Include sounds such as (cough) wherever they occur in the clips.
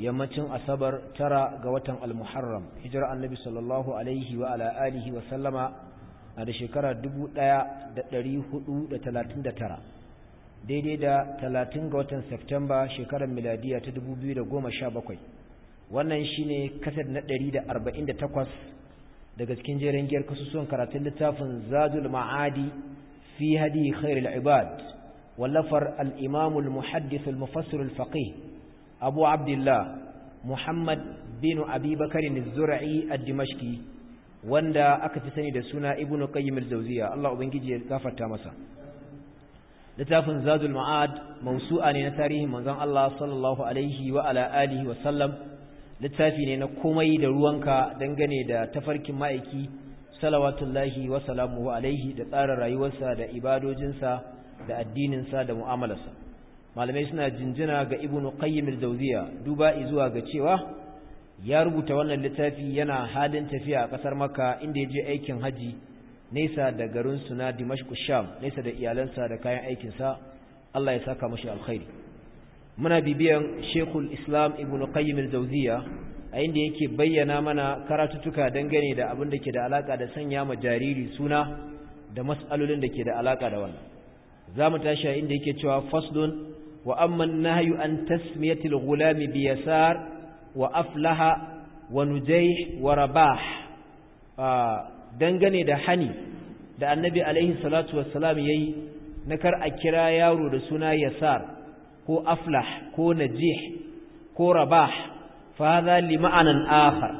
yammacin asabar tara ga watan al-muharram annabi sallallahu alaihi wa ala alihi wa sallama a da shekara 1439 daidai da 30 ga watan septemba shekarar miladiya ta 2017 wannan shine kasar na 148 daga cikin jerin giyar kasusuwan karatun littafin zadul ma'adi fi hadi khairul ibad wallafar al imamul al-muhaddith al-mufassir al-faqih abu abdullah muhammad bin abi bakarin zura'i a dimashki wanda aka fi sani da suna ibnu qayyim al-jawziya Allah ubangiji ya gafarta masa littafin zadul ma'ad mawsu'a ne na tarihin manzon Allah sallallahu littafi ne na komai da ruwanka dangane da tafarkin ma'aiki salawatullahi da tsara rayuwarsa da ibadojinsa da addininsa da mu'amalarsa malamai suna jinjina ga Ibnu qayyim al-jawziya duba izuwa ga cewa ya rubuta wannan littafi yana halin tafiya a kasar makka inda ya je aikin haji nesa da garin suna dimashq sham nesa da iyalansa da kayan aikin sa Allah ya saka mashi alkhairi muna bibiyan shekul islam ibn qayyim al-jawziya a inda yake bayyana mana karatutuka dangane da abin da ke da alaka da sanya ma jariri suna da mas'alolin da ke da alaka da wannan za mu tashi a inda yake cewa faslun wa amma nahyu an tasmiyati al bi yasar wa aflaha wa nujayh wa rabah ah, dangane da hani da annabi Alayhi salatu wassalam yayi na kar a kira yaro da suna yasar ko aflah ko najih ko rabah fa hadha li ma'anan akhar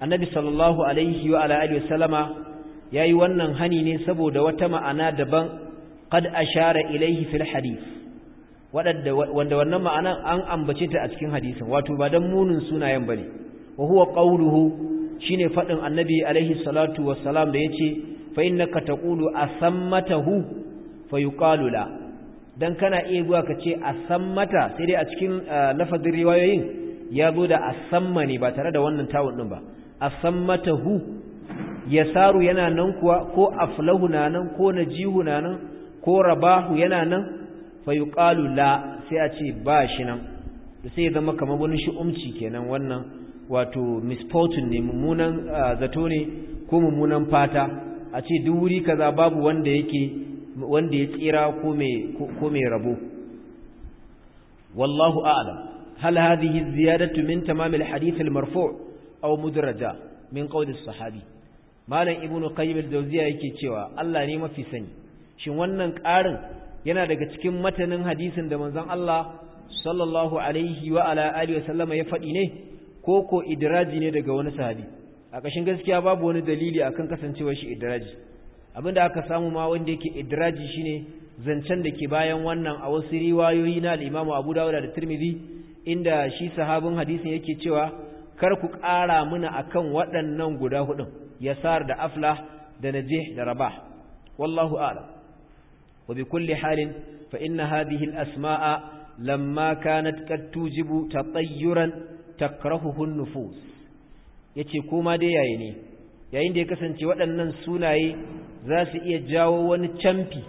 annabi sallallahu alaihi wa ala alihi wasallama yayi wannan hani ne saboda wata ma'ana daban qad ashara ilaihi fil hadith wanda wannan ma'ana an ambace ta a cikin hadisin wato ba dan munin sunayen bane wa huwa qawluhu shine fadin annabi alaihi salatu wassalam da yace fa innaka taqulu asammatahu fayuqalu la dan kana iya zuwa ka ce asammata sai dai a cikin lafazin riwayoyin ya zo da asammani ba tare da wannan tawun din ba asammatahu yasaru yana nan kuwa ko aflahu na nan ko najihu na nan ko rabahu yana nan Fayuƙalu la sai a ce ba shi nan sai ya zama kamar wani shi'umci kenan wannan wato misfortune ne mummunan zato ne ko mummunan fata a ce duk wuri kaza babu wanda yake wanda ya tsira ko mai rabo wallahu a'lam hal hadhihi ziyadatu min tamam al-hadith al-marfu' aw mudraja min qawl as-sahabi malam ibnu qayyim al-jawziya yake cewa Allah ne mafi sani shin wannan ƙarin yana daga cikin matanin hadisin da manzon Allah sallallahu alaihi wa ala alihi wasallama ya faɗi ne ko ko idraji ne daga wani sahabi a ƙashin gaskiya babu wani dalili akan kasancewar shi idraji abinda aka samu ma wanda yake idraji shine zancen da ke bayan wannan a wasu riwayoyi na al-Imam Abu Dawud da Tirmidhi inda shi sahabin hadisin yake cewa kar ku ƙara muna akan waɗannan guda hudun yasar da aflah da najih da rabah wallahu a'lam وبكل حال فإن هذه الأسماء لما كانت قد توجب تطيرا تكرهه النفوس yace koma dai yayi ne yayin da ya kasance waɗannan sunaye za su iya jawo wani camfi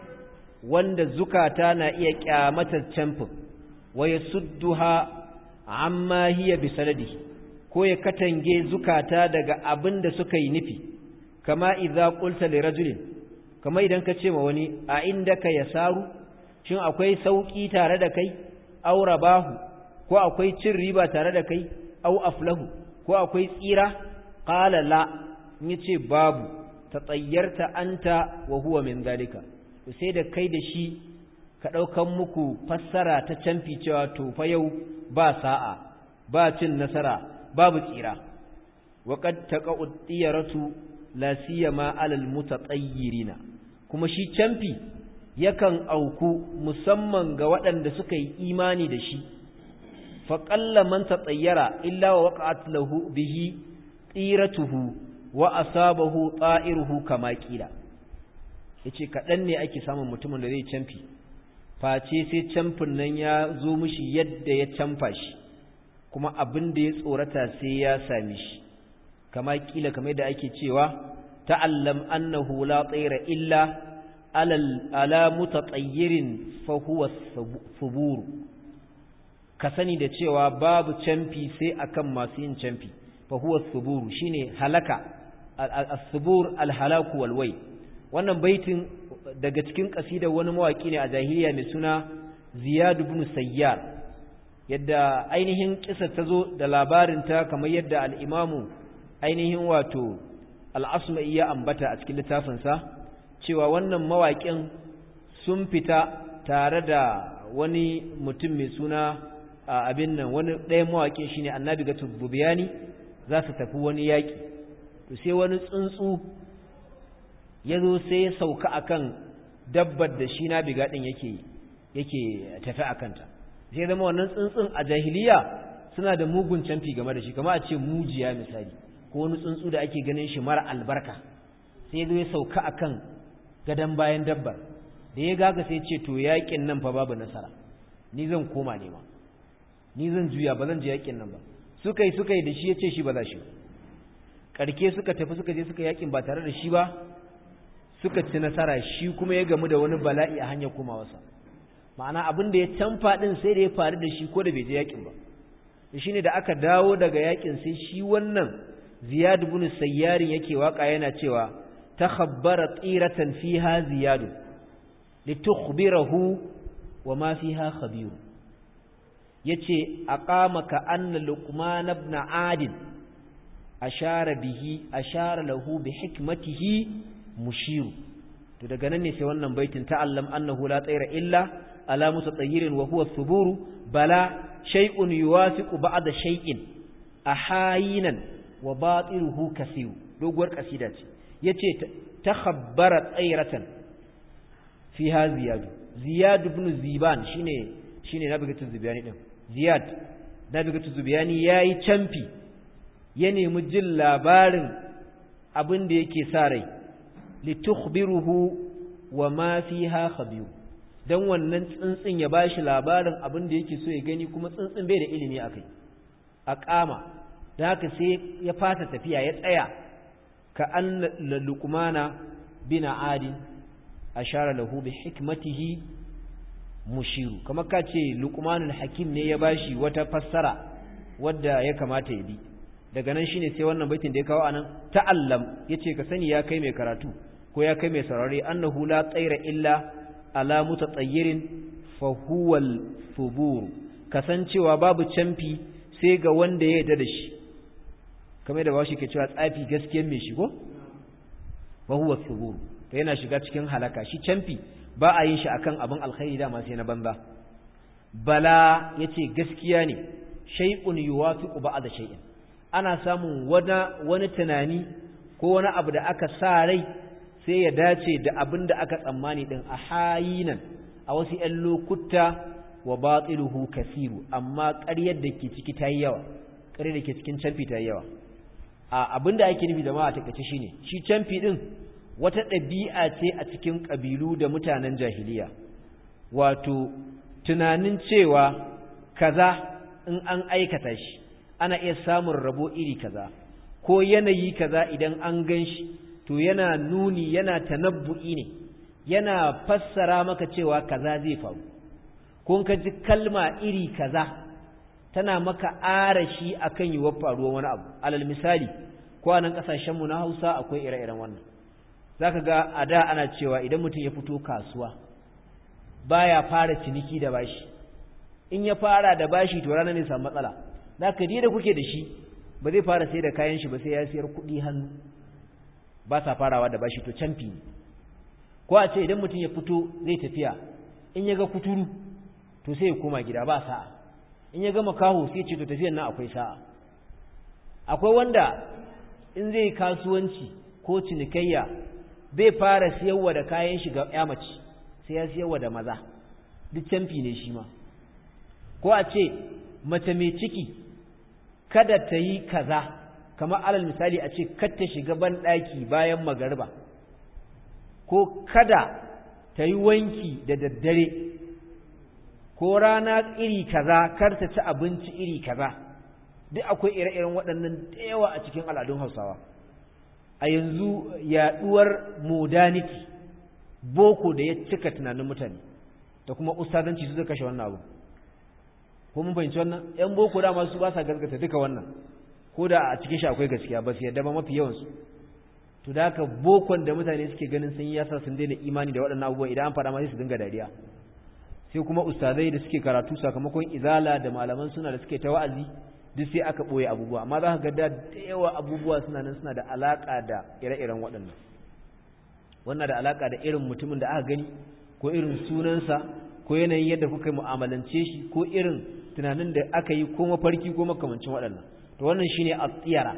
wanda zukata na iya kyamatar camfin Waya sudduha amma hiya bi sanadi ko ya katange zukata daga abin da suka yi nufi kama idza qulta li rajulin kamar idan ka ce ma wani a inda ka ya saru shin akwai sauƙi tare da kai aura bahu? ko akwai cin riba tare da kai au aflahu ko akwai tsira qala la ni ce babu ta tsayyarta anta wa huwa min zalika sai da kai da shi ka ɗaukan muku fassara ta canfi cewa to fa yau ba sa'a ba cin nasara babu tsira وقد تقع lasiya ma سيما على mutatayyirina kuma shi canfi yakan auku musamman ga waɗanda suka yi imani da shi faƙalla man tsayyara illa wa waƙa'at lahu bihi tsiratuhu wa asabahu tsa'iruhu kama ƙila Ya ce kaɗan ne ake samun mutumin da zai canfi face sai camfin nan ya zo mishi yadda ya camfa shi kuma abin da ya tsorata sai ya same shi kama ƙila kamar yadda ake cewa ta'allam annahu la tsira illa ala mutatayyirin fahuwa suburu ka sani da cewa babu camfi sai akan masu yin camfi fahuwa suburu shine halaka as-subur al-halaku walwai wannan baitin daga cikin kasidar wani mawaki ne a jahiliya mai suna Ziyad ibn Sayyar yadda ainihin kisa ta zo da labarin ta kamar yadda al ainihin wato al-Asma'i ya ambata a cikin littafinsa cewa wannan mawaƙin sun fita tare da wani mutum mai suna a abin nan wani ɗayan mawaƙin shi shine annabi ga tubbiyani za su tafi wani yaƙi to sai wani tsuntsu ya zo sai ya sauka a kan dabbar da shi na biga ɗin yake yake tafi a kanta sai zama wannan tsuntsun a jahiliya suna da mugun canfi game da shi kama a ce mujiya misali ko wani tsuntsu da ake ganin shi mara albarka sai zo ya sauka a kan. gadan bayan dabbar da ya gaga sai ce to yakin nan fa babu nasara ni zan koma nema ni zan juya ba zan je yakin nan ba suka yi suka yi da shi ya ce shi ba za shi karke suka tafi suka je suka yakin ba tare da shi ba suka ci nasara shi kuma ya gamu da wani bala'i a hanyar wasa, ma'ana abin da ya canfa din sai da ya faru da shi ko da bai je yakin ba Da shi ne da aka dawo daga yakin sai shi wannan ziyad bin sayyarin yake waka yana cewa تخبر طيرة فيها زياد لتخبره وما فيها خبير يتي أقامك أن لقمان بن عاد أشار به أشار له بحكمته مشير تدقنني سوانا بيت تعلم أنه لا طير إلا ألا متطير وهو الثبور بلا شيء يوافق بعد شيء أحاينا وباطله كثير دوغور كثيرات yace tsairatan fi fiha ziyad ziyad ibn ziban shine shine nabigatu zubiyani din ziyad nabigatu zubiyani yayi camfi ya nemi jin labarin abin da yake sa rai litukhbiruhu wa ma fiha khabir dan wannan tsuntsun ya bashi labarin abin da yake so ya gani kuma tsuntsun bai da ilimi a kama da haka sai ya fasa tafiya ya tsaya ka an luqmana bin adi ashara lahu bi hikmatihi mushiru kama ka ce luqmanul hakim ne ya bashi wata fassara wadda ya kamata ya bi daga nan shine sai wannan baitin da ya kawo anan ta'allam yace ka sani ya kai mai karatu ko ya kai mai saurare annahu la tsaira illa ala mutatayyirin fa huwa al kasancewa babu canfi sai ga wanda ya yarda da shi kamar da bawashi ke cewa tsafi gaskiyar mai shigo wa huwa tsubur ta yana shiga cikin halaka shi canfi ba a yin shi akan abin alkhairi dama sai na banza bala yace gaskiya ne shay'un yuwafiqu ba'da shay'in ana samun wani tunani ko wani abu da aka sa rai sai ya dace da abin da aka tsammani din a hayinan a wasu 'yan lokuta wa batiluhu kasiru amma ƙaryar da ke ciki ta yi yawa ƙaryar da ke cikin canfi ta yi yawa a abinda ake nufi jama'a takaice shine shi canfi ɗin, wata ɗabi'a ce a cikin ƙabilu da mutanen jahiliya wato tunanin cewa kaza in an aikata shi ana iya samun rabo iri kaza ko yanayi kaza idan an gan shi to yana nuni yana tanabbu'i ne yana fassara maka cewa kaza zai faru kun ka ji kalma iri kaza tana maka arashi akan yiwuwar faruwar wani abu alal misali kwanan ƙasashenmu na hausa akwai ire-iren wannan za ka ga a da ana cewa idan mutum ya fito kasuwa baya fara ciniki da bashi in ya fara da bashi to ranar ne samu matsala za ka da kuke da shi ba zai fara sai da kayan shi ba sai ya sayar kuɗi hannu ba sa farawa da bashi to canfi ne ko a ce idan mutum ya fito zai tafiya in ya ga kuturu to sai ya koma gida ba sa'a in ya gama kawo sai ce to tafiyan nan akwai sa'a akwai wanda in zai kasuwanci ko cinikayya bai fara siyarwa da kayan shiga ya mace sai ya siyarwa da maza duk canfi ne shi ma ko a ce mace mai ciki kada ta yi kaza kamar alal misali a ce ta shiga ban ɗaki bayan magarba ko kada ta yi wanki da daddare ko rana iri kaza kar ta ci abinci iri kaza duk akwai ire-iren waɗannan yawa a cikin al'adun hausawa a yanzu yaɗuwar modernity boko da ya cika tunanin mutane da kuma ustazanci su zai kashe wannan abu ko mun fahimci wannan yan boko da masu ba sa gaskata duka wannan ko da a cikin shi akwai gaskiya ba su yarda ba mafi yawansu to da haka bokon da mutane suke ganin sun yi yasa sun daina imani da waɗannan abubuwa idan an faɗa ma sai su dinga dariya sai kuma ustazai da suke karatu sakamakon izala da malaman suna da suke ta wa'azi duk sai aka boye abubuwa amma za ka ga da yawa abubuwa suna nan suna da alaƙa da ire-iren waɗannan wannan da alaƙa da irin mutumin da aka gani ko irin sunansa ko yanayin yadda kuka mu'amalance shi ko irin tunanin da aka yi ko mafarki ko makamancin waɗannan to wannan shine atsiyara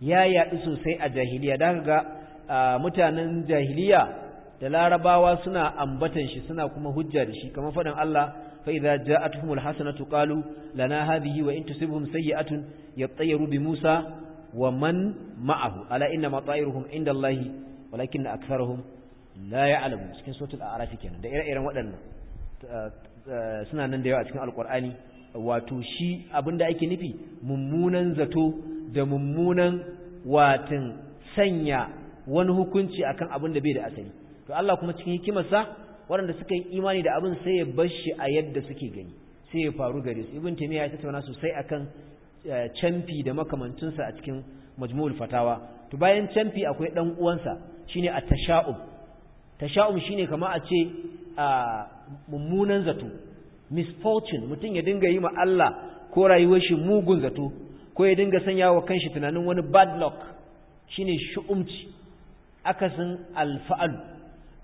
ya yaɗu sosai a jahiliya da ga mutanen jahiliya da larabawa suna ambatan shi suna kuma hujja da shi kamar faɗin Allah fa idza ja'atuhumul hasanatu qalu lana hadhihi wa in tusibhum sayyi'atun yattayaru bi Musa wa man ma'ahu ala inna mata'iruhum inda Allah walakin aktharuhum la ya'lamun cikin suratul a'raf kenan da ire-iren waɗannan eh, suna nan da yawa cikin alqur'ani wato shi abinda ake nufi mummunan zato da mummunan watin sanya wani hukunci akan abin da bai da asali to Allah kuma cikin hikimarsa waɗanda suka yi imani da abin sai ya bar shi a yadda suke gani sai ya faru gare su ibn taymiya ya tattauna sosai akan eh, canfi da makamantunsa a cikin majmu'ul fatawa to bayan canfi akwai dan uwansa shine at-tasha'um tasha'um shine kamar a ce mummunan zato misfortune mutum ya dinga yi ma Allah ko rayuwar shi mugun zato ko ya dinga sanya wa kanshi tunanin wani bad luck shine shu'umci akasin alfa'al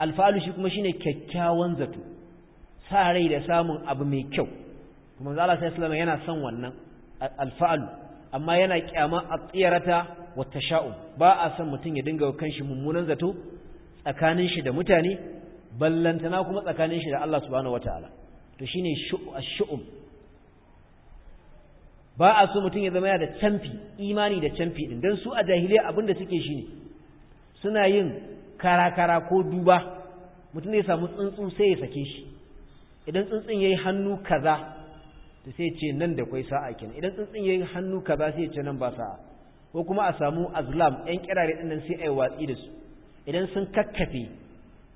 alfalu shi kuma shine kyakkyawan zato sa rai da samun abu mai kyau kuma manzo Allah sallallahu yana son wannan alfa'alu. amma yana kyama a wa tasha'u ba a son mutum ya dinga kanshi mummunan zato tsakanin shi da mutane ballantana kuma tsakanin shi da Allah subhanahu wataala to shine shu'um ba a so mutum ya zama yana da canfi imani da canfi din dan su a jahiliya abinda suke shine suna yin kara-kara ko duba mutum ya samu tsuntsu sai ya sake shi idan tsuntsun ya yi hannu kaza to sai ce nan da kwai sa'a kenan idan tsuntsun ya yi hannu kaza sai ce nan ba sa'a ko kuma a samu azlam yan kirare ɗin nan sai a yi watsi da su idan sun kakkafe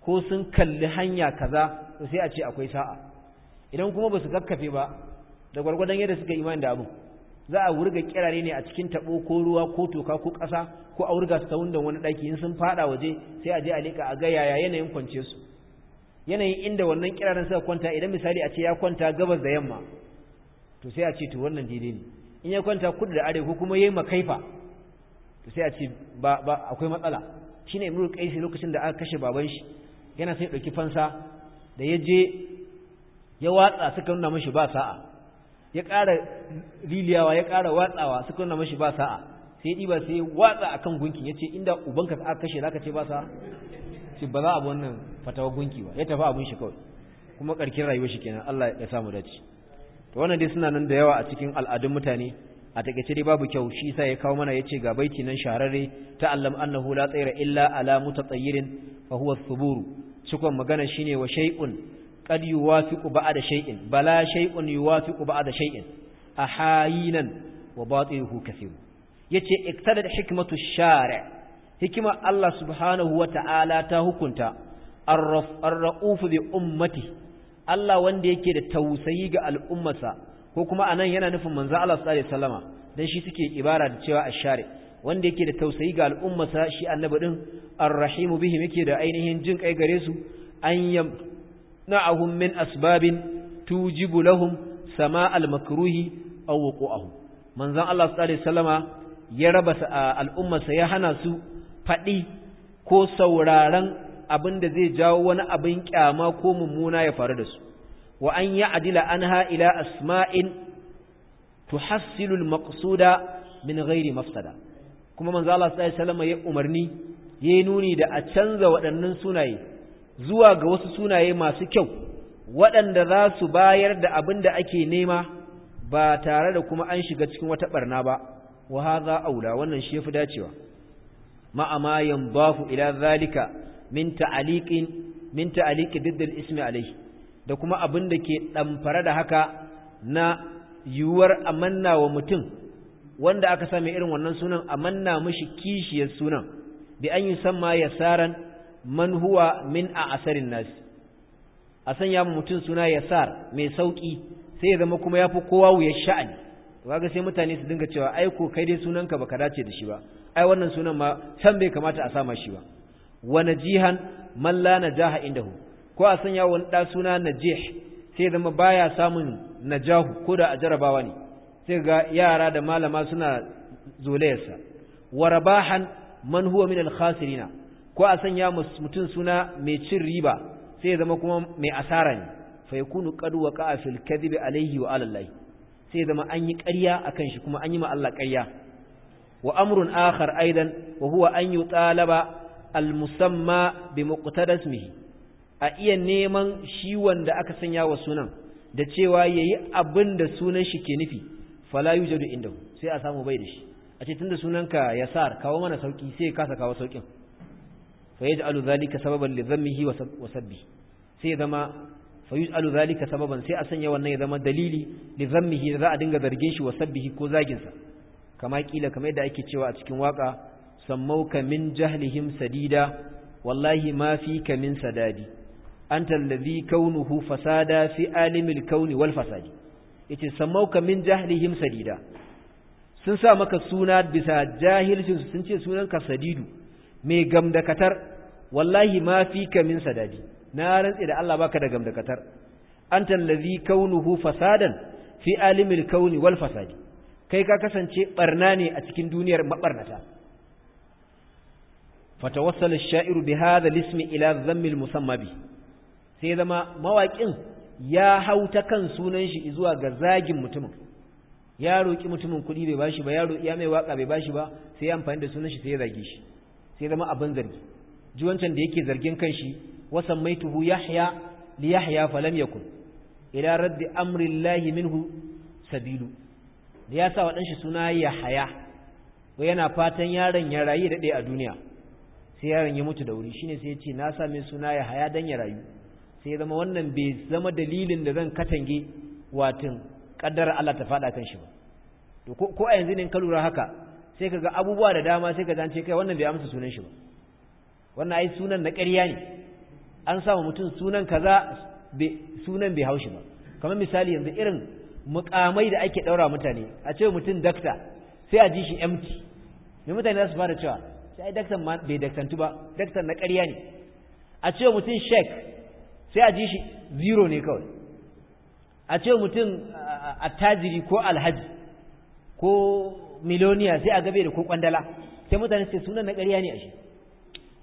ko sun kalli hanya kaza to sai a ce akwai sa'a idan kuma ba su kakkafe ba da gwargwadon yadda suka imani da abu za a wurga kirare ne a cikin tabo ko ruwa ko toka ko ƙasa ko a wurga su ta wani ɗaki in sun fada waje sai a je a leka a ga yaya yanayin kwance su yanayin inda wannan kiraren suka kwanta idan misali a ce ya kwanta gabas da yamma to sai a ce to wannan daidai ne in ya kwanta kudu da arewa ko kuma yi makaifa to sai a ce ba ba akwai matsala Shi ne Imru Kaisi lokacin da aka kashe baban shi yana sai dauki fansa da ya je ya watsa suka nuna mashi ba sa'a ya ƙara liliyawa ya ƙara watsawa suka nuna mashi ba sa'a sai ɗiba sai watsa akan gunki ya ce inda ubanka ta kashe za ka ce ba sa ce ba za a wannan fatawa gunki ba ya tafi abin shi kawai kuma ƙarkin rayuwar shi kenan Allah ya samu dace to wannan dai suna nan da yawa a cikin al'adun mutane a takaice dai babu kyau shi sa ya kawo mana ya ce ga baiti nan shahararre allam annahu la tsaira illa ala mutatayyirin fa huwa thuburu cikon magana shine wa shay'un qad yuwafiqu da shai'in, bala shay'un yuwafiqu ba'da shay'in ahayinan wa batiluhu kathir yace iktadat hikmatu shari' hikima Allah subhanahu wa ta'ala ta hukunta ar-ra'uf bi ummati Allah wanda yake da tausayi ga al'ummarsa ko kuma anan yana nufin manzo Allah sallallahu alaihi wasallama dan shi suke ibara da cewa ashari wanda yake da tausayi ga al'ummarsa shi annabi din ar-rahim bihim yake da ainihin jin kai gare su an na'ahum min asbabin tujibu lahum sama al-makruhi aw wuqu'ahu manzon Allah sallallahu alaihi wasallama ya raba al'ummarsa ya hana su faɗi ko sauraron abin da zai jawo wani abin kyama ko mummuna ya faru da su wa an ya adila anha ila asma'in tuhassilul maqsuda min ghairi mafsada kuma manzo Allah sallallahu alaihi wasallam ya umarni ya nuni da a canza waɗannan sunaye zuwa ga wasu sunaye masu kyau waɗanda za su bayar da abin da ake nema ba tare da kuma an shiga cikin wata ɓarna ba wa haza aula wannan shi yafi dacewa ma'ama yanbafu ila zalika min ta'aliqin min ta'aliqi diddal ismi alayhi da kuma abin da ke damfara da haka na yiwuwar amanna wa mutum wanda aka same irin wannan sunan amanna mishi kishiyar sunan bi an yusamma yasaran man huwa min a asarin nasi. a sanya mutum suna ya yasar mai sauƙi. sai ya zama kuma fi kowa wuya sha'ani ga sai mutane su dinga cewa ai ko kai dai sunanka baka dace da shi ba ai wannan sunan ma can bai kamata a sama shi ba wa najihan man la najaha indahu ko a sanya wani da suna najih sai zama baya samun najahu ko da a jarabawa ne sai ga yara da malama suna zolayarsa wa rabahan man huwa min al-khasirina ko a sanya mutum suna mai cin riba sai ya zama kuma mai asara ne fa yakunu qad waqa'a fil kadhibi alayhi wa ala sai ya zama an yi ƙarya akan shi kuma an yi ma Allah ƙarya wa amrun akhar aidan wa huwa an yutalaba al musamma bi muqtada ismihi a iya neman shi wanda aka sanya wa sunan da cewa yayi abin da sunan shi ke nufi fala yujadu indahu sai a samu bai da shi a ce tunda sunanka yasar kawo mana sauki sai kasa kawo saukin fa yaj'alu sababan li dhammihi wa sabbi sai ya zama fa yaj'alu sababan sai a sanya wannan ya zama dalili li dhammihi da za a dinga zargin shi wa sabbihi ko zagin sa kama kila kamar yadda ake cewa a cikin waka sammauka min jahlihim sadida wallahi ma ka min sadadi anta alladhi kaunuhu fasada fi alimil kauni wal fasadi yace sammauka min jahlihim sadida sun sa maka suna bisa jahilcin sun ce sunanka sadidu mai gamdakatar wallahi ma fi ka min sadadi na rantsi da Allah baka da gamdakatar anta allazi kaunuhu fasadan fi alimil kauni wal fasadi kai ka kasance barna ne a cikin duniyar mabarnata fatawassal ash-sha'iru bi hadha al ila dhammi musamma bi sai zama mawaƙin ya hauta kan sunan shi zuwa ga zagin mutumin ya roki mutumin kuɗi bai bashi ba ya roki ya mai waka bai bashi ba sai ya amfani da sunan shi sai ya zage shi sai zama abin zargi ji wancan da yake zargin kanshi shi, wasan yahya li yahya falam yakun ila raddi amri llahi minhu sabilu da ya sa wa ɗanshi suna yahaya wa yana fatan yaron ya rayu da a duniya sai yaron ya mutu da wuri shine sai ya ce na sa mai suna yahaya dan ya rayu sai zama wannan bai zama dalilin da zan katange watin kaddara Allah ta faɗa kan shi ba to ko a yanzu ne ka lura haka sai kaga abubuwa da dama sai ka an ce kai wannan bai amsa sunan shi ba wannan ai sunan na ƙarya ne an sa mutum sunan kaza sunan bai haushi ba kamar misali yanzu irin mukamai da ake daura mutane a ce mutum dakta sai a ji shi mt me mutane za su fara cewa sai daktan ma bai daktantu ba daktan na ƙarya ne a ce mutum shek sai a ji shi zero ne kawai a ce mutum attajiri ko alhaji ko miloniya sai a gabe da ko kwandala sai mutane sai sunan na ƙarya ne a shi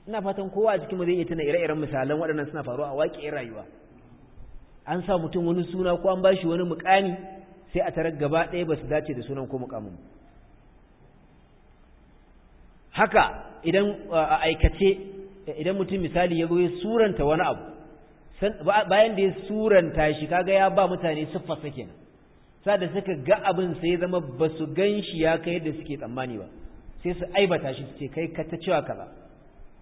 ina fatan kowa a cikin mu zai iya tana ire-iren misalan waɗannan suna faruwa a waƙe rayuwa an sa mutum wani suna ko an bashi wani mukami sai a tarar gaba ɗaya ba su dace da sunan ko mukamin haka idan a aikace idan mutum misali ya ya suranta wani abu bayan da ya suranta shi kaga ya ba mutane siffarsa kenan Sa da suka ga abin sai zama ba su gan shi ya kai yadda suke tsammani ba sai su aibata shi su ce kai ka ta cewa kaza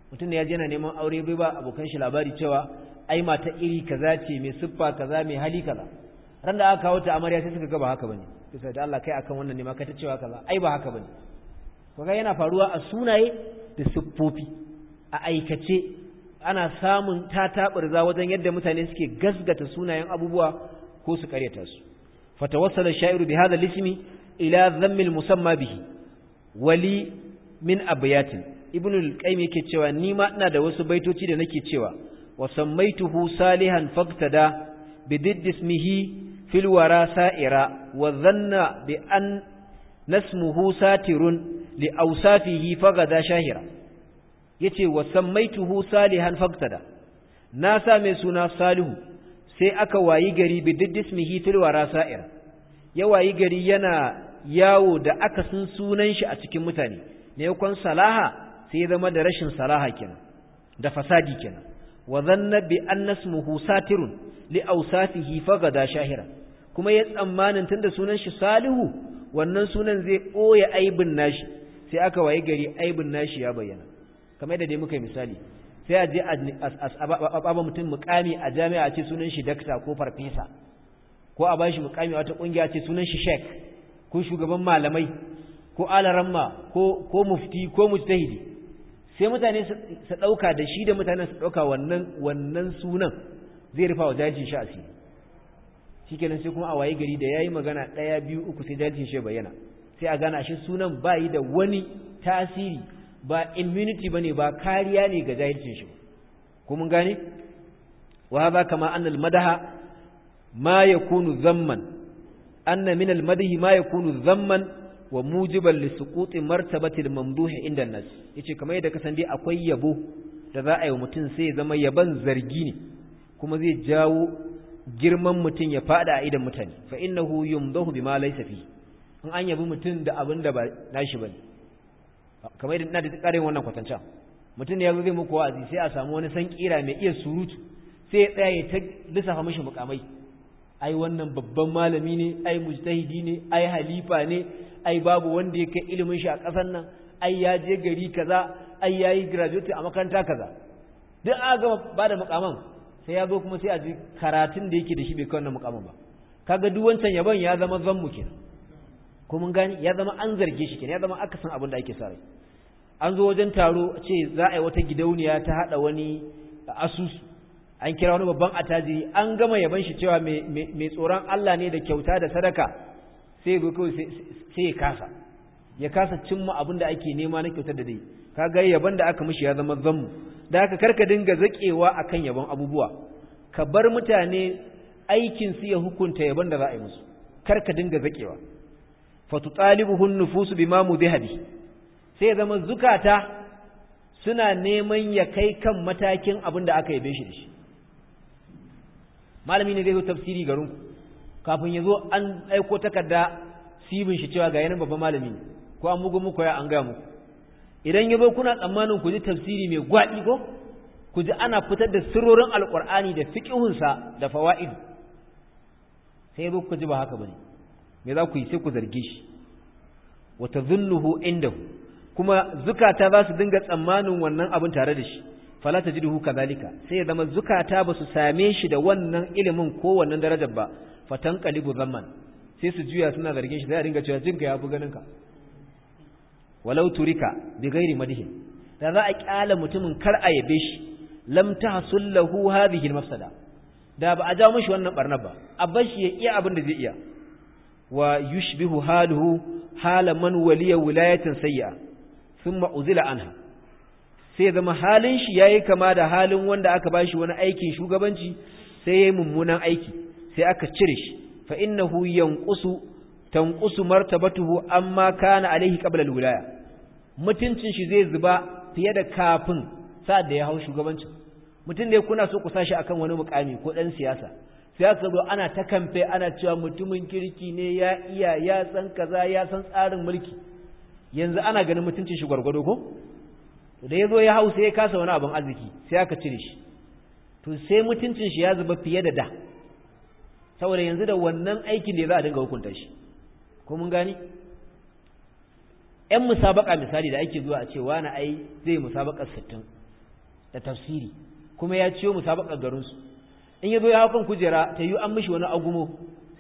mutum da ya je yana neman aure bai ba abokan shi labari cewa ai mata iri kaza ce mai siffa kaza mai hali kaza ran da aka kawo ta amarya sai suka ga ba haka bane sai da Allah kai akan wannan ne ma ka ta cewa kaza ai ba haka bane to ga yana faruwa a sunaye da siffofi a aikace ana samun tataɓarza wajen yadda mutane suke gasgata sunayen abubuwa ko su karyata su فتوصل الشاعر بهذا الاسم إلى ذم المسمى به ولي من أبيات ابن القيم يكتشوى نيما نادى وسبيتوتي لنكتشوى وسميته صالحا فاقتدى بضد اسمه في الورى سائرا وظن بأن نسمه ساتر لأوصافه فغدا شاهرا يتي وسميته صالحا فاقتدى ناسا من سنا صالحه sai aka wayi gari bi diddismihi tulwara sa'ir ya wayi gari yana yawo da aka sun sunan shi a cikin mutane kun salaha sai zama da rashin salaha kenan da fasadi kenan wa zanna bi ismuhu satirun li awsafihi fagada shahira kuma ya tsammanin tunda sunan shi salihu wannan sunan zai ɓoye aibin nashi sai aka wayi gari aibin nashi ya bayyana kamar yadda dai muka yi misali sai a je a ba mutum mukami a jami'a ce sunan shi dakta ko farfesa ko a bashi mukami wata kungiya ce sunan shi shek ko shugaban malamai ko alaramma ko ko mufti ko mujtahidi sai mutane su dauka da shi da mutanen su ɗauka wannan sunan zai rufa wa jajin shi asiri shikenan sai kuma a waye gari da yayi magana daya biyu uku sai jajin shi bayyana sai a gana shi sunan bayi da wani tasiri ba immunity bane ba kariya ne ga jahilcin shi ko mun gane wa hadha kama annal madaha ma yakunu zamman anna min al madahi ma yakunu zamman wa mujiban li suquti martabati al inda nas yace kamar yadda kasan dai akwai yabo da za a yi mutum sai ya zama yaban zargi ne kuma zai jawo girman mutum ya fada a idan mutane fa innahu yumdahu bima laysa fi in an yabi mutum da abin da ba nashi bane kamar yadda ina da ƙarin wannan kwatanta, mutum ne ya zo zai muku wa'azi sai a samu wani san kira mai iya surutu sai ya tsaya ya ta lissafa mishi mukamai ai wannan babban malami ne ai mujtahidi ne ai halifa ne ai babu wanda ya kai ilimin shi a ƙasar nan ai ya je gari kaza ai ya yi graduate a makaranta kaza duk a gama ba da mukaman sai ya zo kuma sai a ji karatun da yake da shi bai kai wannan mukaman ba kaga duk wancan yaban ya zama zan mu ko mun gani ya zama an zarge shi kenan ya zama aka san abin da ake sa an zo wajen taro ce za a yi wata gidauniya ta hada wani asusu an kira wani babban attajiri an gama yaban shi cewa mai tsoron Allah ne da kyauta da sadaka sai ya kawai sai ya kasa ya kasa cimma abin da ake nema na kyautar da dai ga yaban da aka mishi ya zama zammu da aka karka dinga zakewa akan yaban abubuwa ka bar mutane aikin su ya hukunta yaban da za a yi musu karka dinga zakewa fatutalibuhun nufusu bima mu bi sai zama zukata suna neman ya kai kan matakin abin da aka yabe shi da shi malami ne zai zo tafsiri garin kafin ya zo an aiko takarda sibin shi cewa ga yanin babban malami ne ko an bugu muku ya an gaya muku idan ya zo kuna tsammanin ku ji tafsiri mai gwaɗi ko ku ji ana fitar da sirrorin alƙur'ani da fiƙihunsa da fawa'idu sai ya zo ku ji ba haka ba ne me za ku yi sai ku zarge shi wa tadhunnuhu indahu kuma zukata za su dinga tsammanin wannan abin tare da shi fala tajiduhu kadhalika sai ya zama zukata ba su same shi da wannan ilimin ko wannan darajar ba fatan qalibu zaman sai su juya suna zargin shi za a dinga cewa jinka ya fi ganin ka walau turika bi ghairi madihin da za a kyala mutumin kar a yabe shi lam tahsul lahu hadhihi al mafsada da ba a jawo mishi wannan barnar ba a bar ya iya abin da zai iya wa yushbihu haluhu hala man waliya wilayatan sayya thumma uzila anha sai zama halin shi ya yi kama da halin wanda aka bashi wani aikin shugabanci sai yayi mummunan aiki sai aka cire shi fa innahu yanqusu tanqusu martabatuhu amma kana alaihi qabla alwilaya mutuncin shi zai zuba fiye da kafin sa'ad da ya hau shugabancin mutum ne kuna so ku sashi akan wani mukami ko dan siyasa sai aka zo ana ta kamfe ana cewa mutumin kirki ne ya iya ya san kaza ya san tsarin mulki yanzu ana ganin mutuncin shi gwargwado ko da ya ya hau sai ya kasa wani abin arziki sai aka cire shi to sai mutuncin shi ya zuba fiye da da saboda yanzu da wannan aikin ne za a dinga hukunta shi ko mun gani ‘yan musabaka misali da ake zuwa a ce wani ai zai musabakar sittin da tafsiri kuma ya ciyo musabakar garinsu in yazo ya hawo kujera ta yi an mishi wani agumo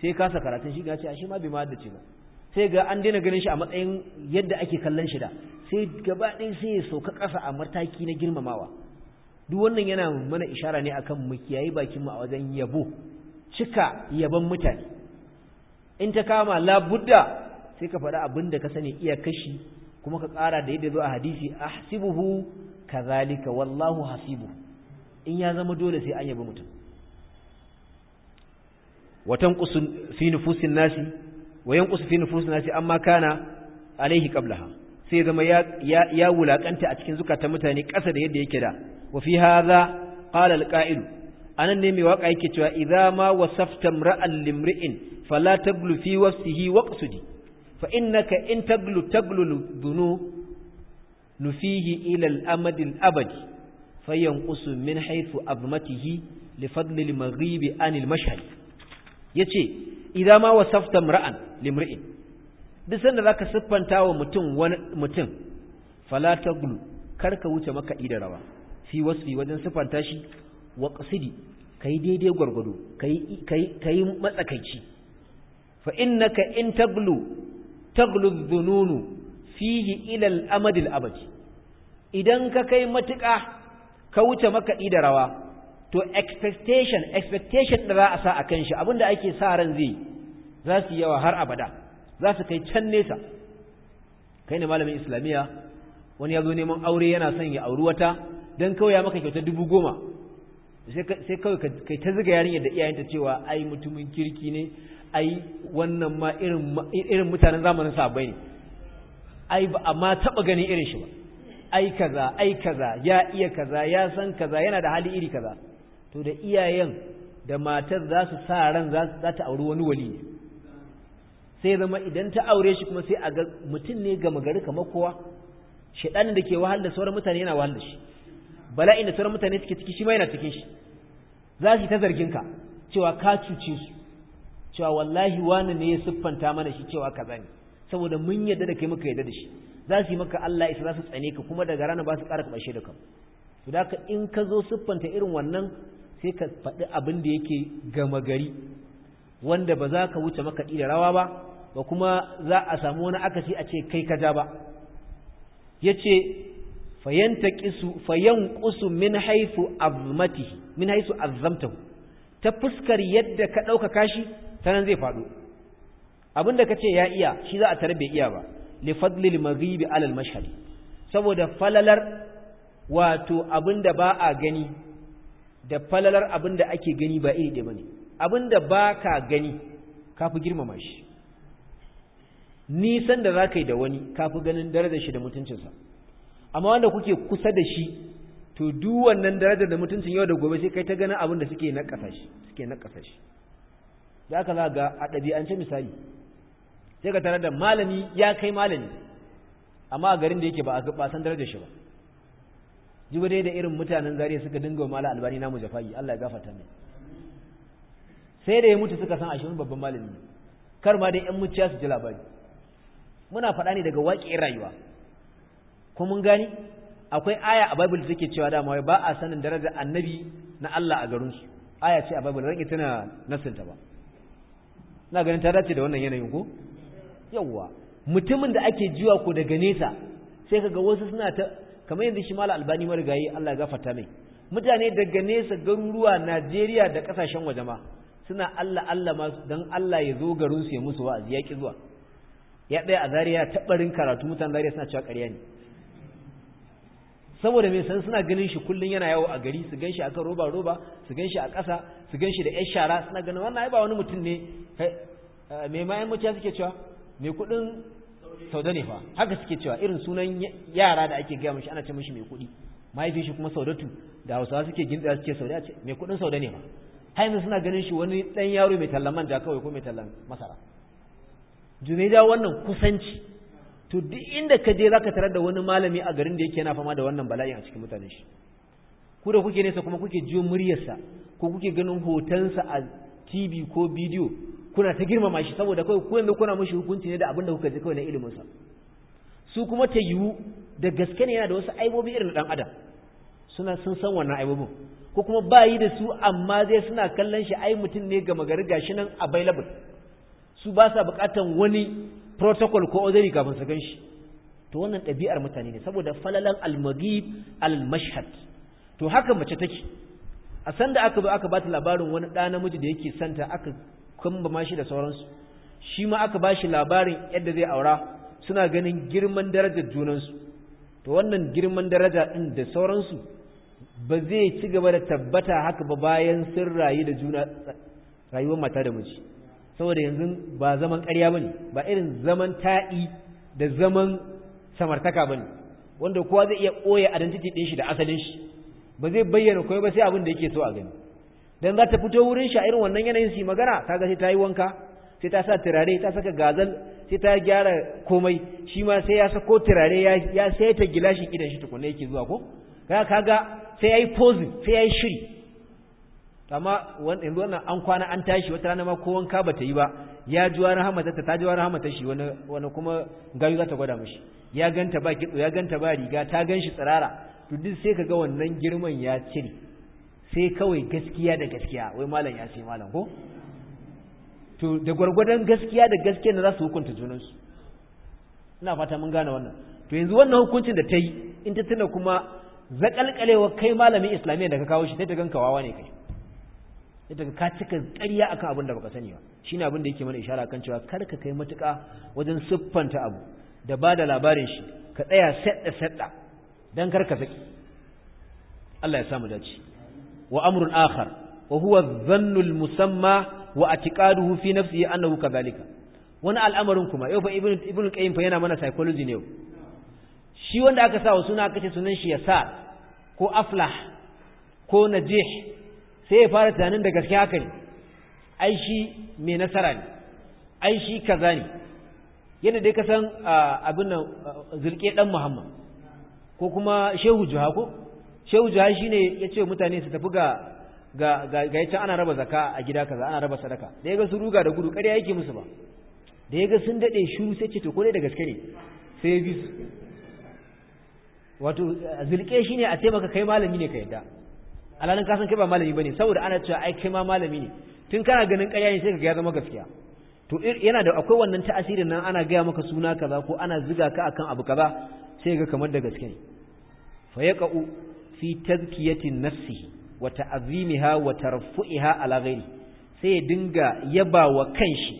sai kasa karatun shi gaci a shi ma bai ma da ce ba sai ga an daina ganin shi a matsayin yadda ake kallon shi da sai gaba ɗaya sai ya sauka ƙasa a mataki na girmamawa duk wannan yana mana ishara ne akan mu kiyaye bakin mu a wajen yabo cika yaban mutane in ta kama labudda sai ka faɗi abin da ka sani iya kashi kuma ka kara da yadda zo a hadisi ahsibuhu kazalika wallahu hasibu in ya zama dole sai an yabi mutum wa tanqusu fi nufusin nasi nasi amma kana alaihi qablaha sai zama ya wulaƙanta a cikin ta mutane ƙasa da yadda yake da wa fi hadha qala alqa'il anan ne mai waka yake cewa iza ma wasaftan ra'an limri'in fala taglu fi wasfihi waqsudi fa in taglu taglu dhunu nufihi ila al-amad al-abadi fayanqusu min haythu azmatihi li fadli al-maghribi an al-mashhad Ya ce, idan ma wasafta mura'an, limri'in duk sanda zaka siffanta wa mutum wani mutum fala taglu karka wuce maka da rawa fi wasfi wajen siffanta shi wa qasidi kai daidai gwargwado kai kai kai matsakaici fa innaka in taglu taglu dhununu fihi ila al-amad idan ka kai matuka ka wuce maka da rawa to expectation expectation da za a sa a kan shi abinda ake sa ran zai za su yawa har abada za su kai can nesa kai ne malamin islamiyya wani ya zo neman aure yana son ya auri wata don kawai ya maka kyauta dubu goma sai kawai kai ta ziga yarinya da iyayenta cewa ai mutumin kirki ne ai wannan ma irin mutanen zamanin sabai ne ai ba amma taba ganin irin shi ba ai kaza ai kaza ya iya kaza ya san kaza yana da hali iri kaza to da iyayen da matar za su sa ran za ta auri wani wali ne, sai zama idan ta aure shi kuma sai a ga mutum ne gama gari kamar kowa shaɗanin da ke wahalar da sauran mutane yana wahala shi bala'in da sauran mutane suke ciki shi ma yana cikin shi za su yi ta zargin ka, cewa ka cuce su cewa wallahi wani ne ya siffanta mana shi cewa kaza ne saboda mun yadda da kai muka yadda da shi za su yi maka Allah isa za su tsane ka kuma daga rana ba su ƙara kaɓashe da kan to da in ka zo siffanta irin wannan sai ka faɗi abin da yake gama gari wanda ba za ka wuce maka da rawa ba ba kuma za a samu wani akasi a ce kai kaja ba ya ce fayan ƙusu min haifu min haifu azamtahu ta fuskar yadda ka ɗaukaka shi ta nan zai faɗo abin da ka ce ya iya shi za a tare bai iya ba li fadlil maghribi alal mashhad saboda falalar wato abin da ba a gani da falalar abin da ake gani ba iri ɗaya bane abin da ba ka gani ka girmama shi nisan da za ka yi da wani ka fi ganin darajar shi da mutuncinsa amma wanda kuke kusa da shi to duk wannan darajar da mutuncin yau da gobe sai kai ta ganin abin da suke na shi suke na shi za ka za ga a ɗabi'ance misali sai ka tare da malami ya kai malami amma a garin da yake ba a san darajar shi ba dai da irin mutanen zariya suka dinga mala albani namu jafayi Allah ya gafarta mai sai da ya mutu suka san ashirin babban malami kar ma dai yan muciya su ji labari muna faɗa ne daga waƙe rayuwa ko mun gani akwai aya a bible take cewa dama ba a sanin daraja annabi na Allah a garin su aya ce a bible ran tana na nasinta ba ina ganin ta dace da wannan yanayin ko yawwa mutumin da ake jiwa ko daga nesa sai kaga wasu suna ta kamar yanzu shi mala albani marigayi Allah gafarta mai mutane daga nesa garuruwa Najeriya da kasashen waje ma suna Allah Allah ma dan Allah ya zo garin su ya musu wa'azi ya zuwa ya dai a Zaria ta barin karatu mutanen Zaria suna cewa ƙarya ne saboda me san suna ganin shi kullun yana yawo a gari su ganshi akan roba roba su ganshi a ƙasa su ganshi da 'yan shara suna ganin wannan ai ba wani mutum ne eh, me ma 'yan muciya suke cewa me kuɗin da ne fa haka suke cewa irin sunan yara da ake gaya mashi ana ce mashi mai kuɗi mahaifin kuma saudatu da hausawa suke gintsa suke da ce mai kuɗin sauda ne fa har suna ganin shi wani ɗan yaro mai tallan manja kawai ko mai tallan masara junaida wannan kusanci to duk inda ka je zaka tarar da wani malami a garin da yake yana fama da wannan bala'in a cikin mutanen shi ku da kuke nesa kuma kuke jiyo muryarsa ko kuke ganin hotonsa a TV ko bidiyo kuna ta girmama shi saboda kawai ku yanzu kuna mashi hukunci ne da abin da kuka ji kawai na ilimin sa su kuma ta yiwu da gaske ne yana da wasu aibobi irin dan adam suna sun san wannan aibobin ko kuma ba yi da su amma zai suna kallon shi ai mutum ne ga magari gashi nan available su ba sa bukatan wani protocol ko ozari kafin su ganshi to wannan ɗabi'ar mutane ne saboda falalan al almashhad to haka mace take a sanda aka ba aka bata labarin wani ɗa namiji da yake santa aka kambama shi da sauransu shi ma aka bashi labarin yadda zai aura suna ganin girman darajar junansu to wannan girman daraja ɗin da sauransu ba zai ci gaba da tabbata haka ba bayan sun rayu da juna rayuwar mata da miji saboda yanzu ba zaman ƙarya bane ba irin zaman ta'i da zaman samartaka bane wanda kowa zai iya ɓoye identity ɗin shi da asalin shi ba zai bayyana koyi ba sai abin da yake so a gani dan za ta fito wurin shi a irin wannan yanayin su magana ga sai ta yi wanka sai ta sa turare ta saka gazal sai ta gyara komai shi ma sai ya sako turare ya sai ta gilashin idan shi tukunna yake zuwa ko kaga ga sai yayi pose sai yayi shiri amma yanzu wannan an kwana an tashi wata rana ma ko wanka ba ta yi ba ya ji wani hamata ta ji wani hamata shi wani wani kuma gayu za ta gwada mishi ya ganta ba kitso ya ganta ba riga ta gan shi tsirara to duk sai kaga wannan girman ya cire sai kawai gaskiya da gaskiya wai malam ya ce malam ko to da gwargwadon gaskiya da gaskiya da za su hukunta junansu ina fata mun gane wannan to yanzu wannan hukuncin da ta yi in ta tuna kuma zakalkalewa kai malamin islamiyya da ka kawo shi sai ta ganka wawa ne kai sai ta ka cika ƙarya akan abin da baka sani ba shine abin da yake mana ishara kan cewa kar ka kai matuƙa wajen siffanta abu da ba da labarin shi ka tsaya sadda sadda dan kar ka saki Allah ya samu dace wa amrun akhar wa huwa dhannul musamma wa atiqaduhu fi nafsihi annahu kadhalika wani al'amarin kuma yau fa ibnu ibnu qayyim fa yana mana psychology ne shi wanda aka sa wa suna aka sunan shi yasa ko aflah ko najih sai ya fara tunanin da gaskiya haka ne ai shi mai nasara ne ai shi kaza ne yadda dai ka san ah, abin nan ah, zulke dan muhammad ko kuma shehu juha ko shehu jahashi shine ya ce mutane su tafi ga ga ga ana raba zaka a gida kaza ana raba sadaka da ya ga su ruga da gudu ƙarya yake musu ba da ya ga sun dade shuru sai ce to ko da gaske ne sai bi su wato shi shine a taimaka kai malami ne ka yadda alalin kasan kai ba malami ba ne saboda ana cewa ai kai ma malami ne tun kana ganin ƙarya ne sai ka ya zama gaskiya to yana da akwai wannan ta'asirin nan ana gaya maka suna kaza ko ana ziga ka akan abu kaza sai ga kamar da gaske ne fa yaqa'u fi tazkiyatin nafsi wa ta'zimiha wa tarfu'iha ala ghairi sai ya dinga yabawa kanshi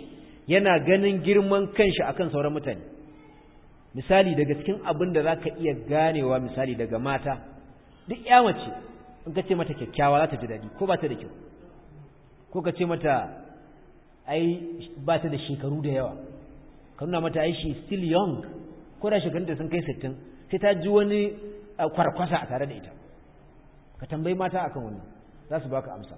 yana ganin girman kanshi akan sauran mutane misali daga cikin abin da zaka iya ganewa misali daga mata duk ya mace in ka ce mata kyakkyawa za ta ji daɗi ko ba ta da kyau ko ka ce mata ai ba ta da shekaru da yawa ka nuna mata ai she still young ko da shekarun da sun kai sittin sai ta ji wani eh, kwarkwasa a tare da ita ka tambayi mata akan wannan za su baka amsa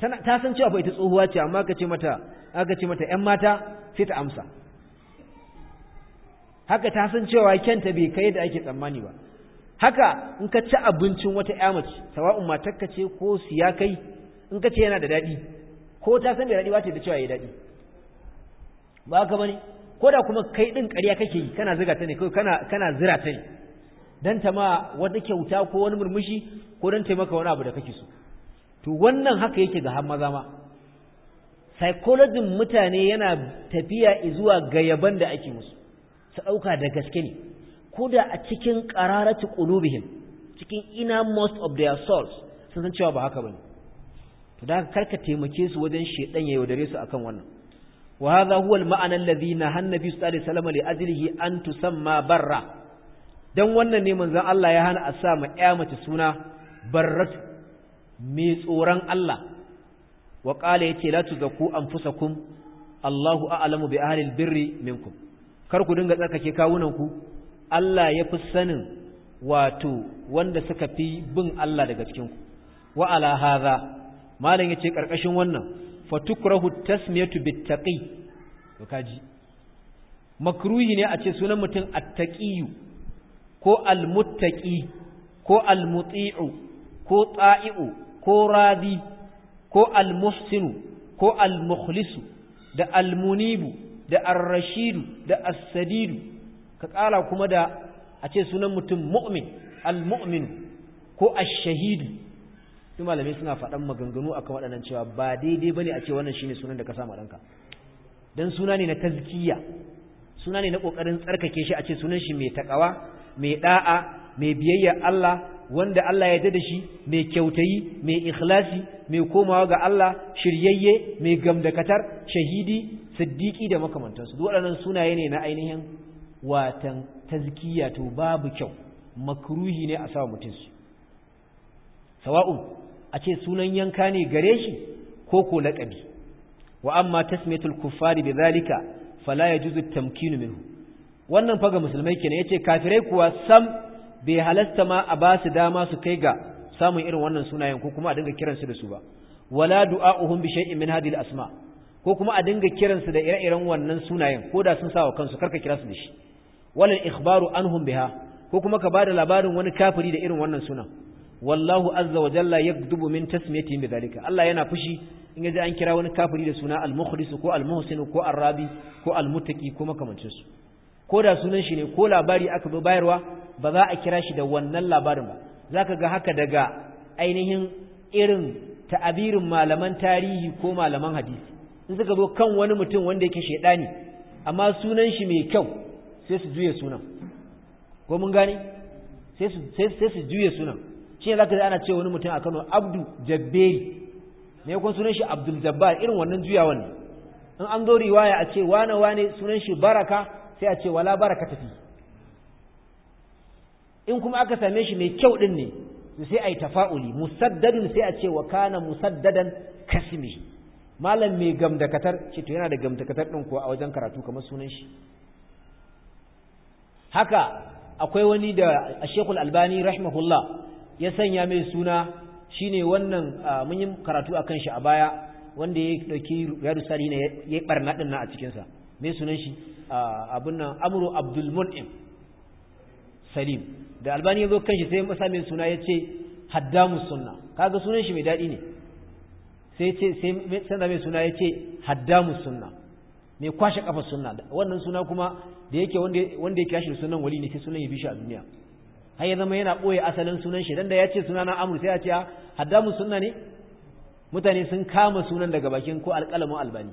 ta san cewa bai ta tsohuwa ce amma ka ce mata aka ce mata ƴan mata sai ta amsa haka ta san cewa kyanta bai kai da ake tsammani ba haka in ka ci abincin wata ƴa mace sawa'un ka ce ko siya kai in ka ce yana da daɗi ko ta san bai daɗi ba ce da cewa ya daɗi ba ka bane ko da kuma kai din ƙarya kake yi kana ziga ta ne kana kana zira ta ne dan ta ma wata kyauta ko wani murmushi ko dan ta maka wani abu da kake so to wannan haka yake ga har maza ma mutane yana tafiya zuwa ga yaban da ake musu su ɗauka da gaske ne ko da a cikin qararatu qulubihim cikin most of their souls sun san cewa ba haka bane to da ka taimake su wajen shedan ya yaudare su akan wannan wa hadha huwa al-ma'ana alladhi nahanna bi sallallahu alaihi sallam li ajlihi an tusamma barra dan wannan ne manzon Allah ya hana a sa ma ya mace suna barrat mai tsoron Allah wa qala yace la tuzaku anfusakum Allahu a'lamu bi ahli albirri minkum kar ku dinga tsarkake kawunanku Allah ya fi sanin wato wanda suka fi bin Allah daga cikin ku wa ala hadha malam yace karkashin wannan fatukrahu tasmiyatu bittaqi to kaji makruhi ne a ce sunan mutum attaqiyu ko almuttaqi ko almuti'u ko ta'i'u ko radi ko almuhsinu ko almukhlisu da almunibu da arrashidu da assadidu ka ƙara kuma da a ce sunan mutum mu'min almu'min ko ashahidu duk malamai suna faɗan maganganu akan waɗannan cewa ba daidai bane a ce wannan shine sunan da ka sa ɗanka dan suna ne na tazkiya suna ne na kokarin tsarkake shi a ce sunan shi mai takawa mai da'a mai biyayya Allah wanda Allah ya da shi mai kyautayi mai ikhlasi mai komawa ga Allah shiryayye mai gamdakatar shahidi siddiqi da makamantansu duk waɗannan sunaye ne na ainihin watan tazkiya to babu kyau makruhi ne a sa mutum su sawa'un a ce sunan yanka ne gare shi ko ko laƙabi wa amma tasmiyatul kuffari bi zalika fala yajuzu tamkinu minhu wannan faga musulmai kenan yace kafirai kuwa sam bai halasta ma a basu dama su kai ga samun irin wannan sunayen ko kuma a dinga kiransu da su ba wala du'a'uhum bi shay'in min hadhihi al-asma' ko kuma a dinga kiransu da ire-iren wannan sunayen ko da sun sa wa kansu karka kira su da shi walal ikhbaru anhum biha ko kuma ka bada labarin wani kafiri da irin wannan sunan wallahu azza wa jalla yakdubu min tasmiyatihi bidhalika Allah yana fushi in ji an kira wani kafiri da suna al-mukhlis ko al-muhsin ko ar-rabi ko al-muttaqi ko makamancin su ko da sunan shi ne ko labari aka bi bayarwa ba za a kira shi da wannan labarin ba za ka ga haka daga ainihin irin ta'abirin malaman tarihi ko malaman hadisi in suka zo kan wani mutum wanda yake shaidani amma sunan shi mai kyau sai su juya sunan ko mun gane sai su juya sunan shi ne za ka ana ce wani mutum a kano abdu jabberi ne kun sunan shi abdul jabbar irin wannan juyawan ne in an zo riwaya a ce wane wane sunan shi baraka sai a ce wala ka tafi in kuma aka same shi mai kyau din ne sai yi tafa'uli musaddadin sai a ce wa kana musaddadan kasmi malam mai gamdakatar ce to yana da gamdakatar din ko a wajen karatu kamar sunan shi haka akwai wani da a shekul Albani rahimahullah ya sanya mai suna shine wannan mun yi karatu akan shi a baya wanda ya dauki Riyadu na ya barna din na a cikinsa mai sunan shi abin nan amru abdul mun'im salim da albani ya zo kan shi sai masa mai suna ya ce haddamu sunna kaga sunan shi mai daɗi ne sai ce sai sanda mai suna ya ce haddamu sunna mai kwashe kafa sunna wannan suna kuma da yake wanda ya kira sunan wali ne sai sunan ya bishi a duniya har ya zama yana ɓoye asalin sunan shi dan da ya ce suna na amur sai ya ce ah, haddamu sunna ne mutane sun kama sunan daga bakin ko alƙalamin albani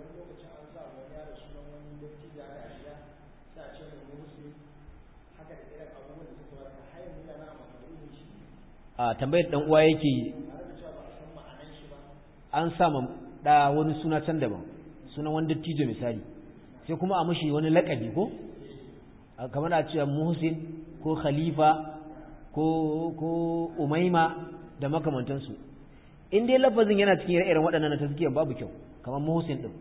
wani lokacin tambayar dan uwa yake an sa ma da wani suna can daban sunan wani dattijo misali sai kuma a mushi wani lakabi ko kamar a muhsin ko khalifa ko ko umaima da makamantansu in dai lafazin yana cikin ire-iren waɗannan na tazkiyar babu kyau kamar muhsin din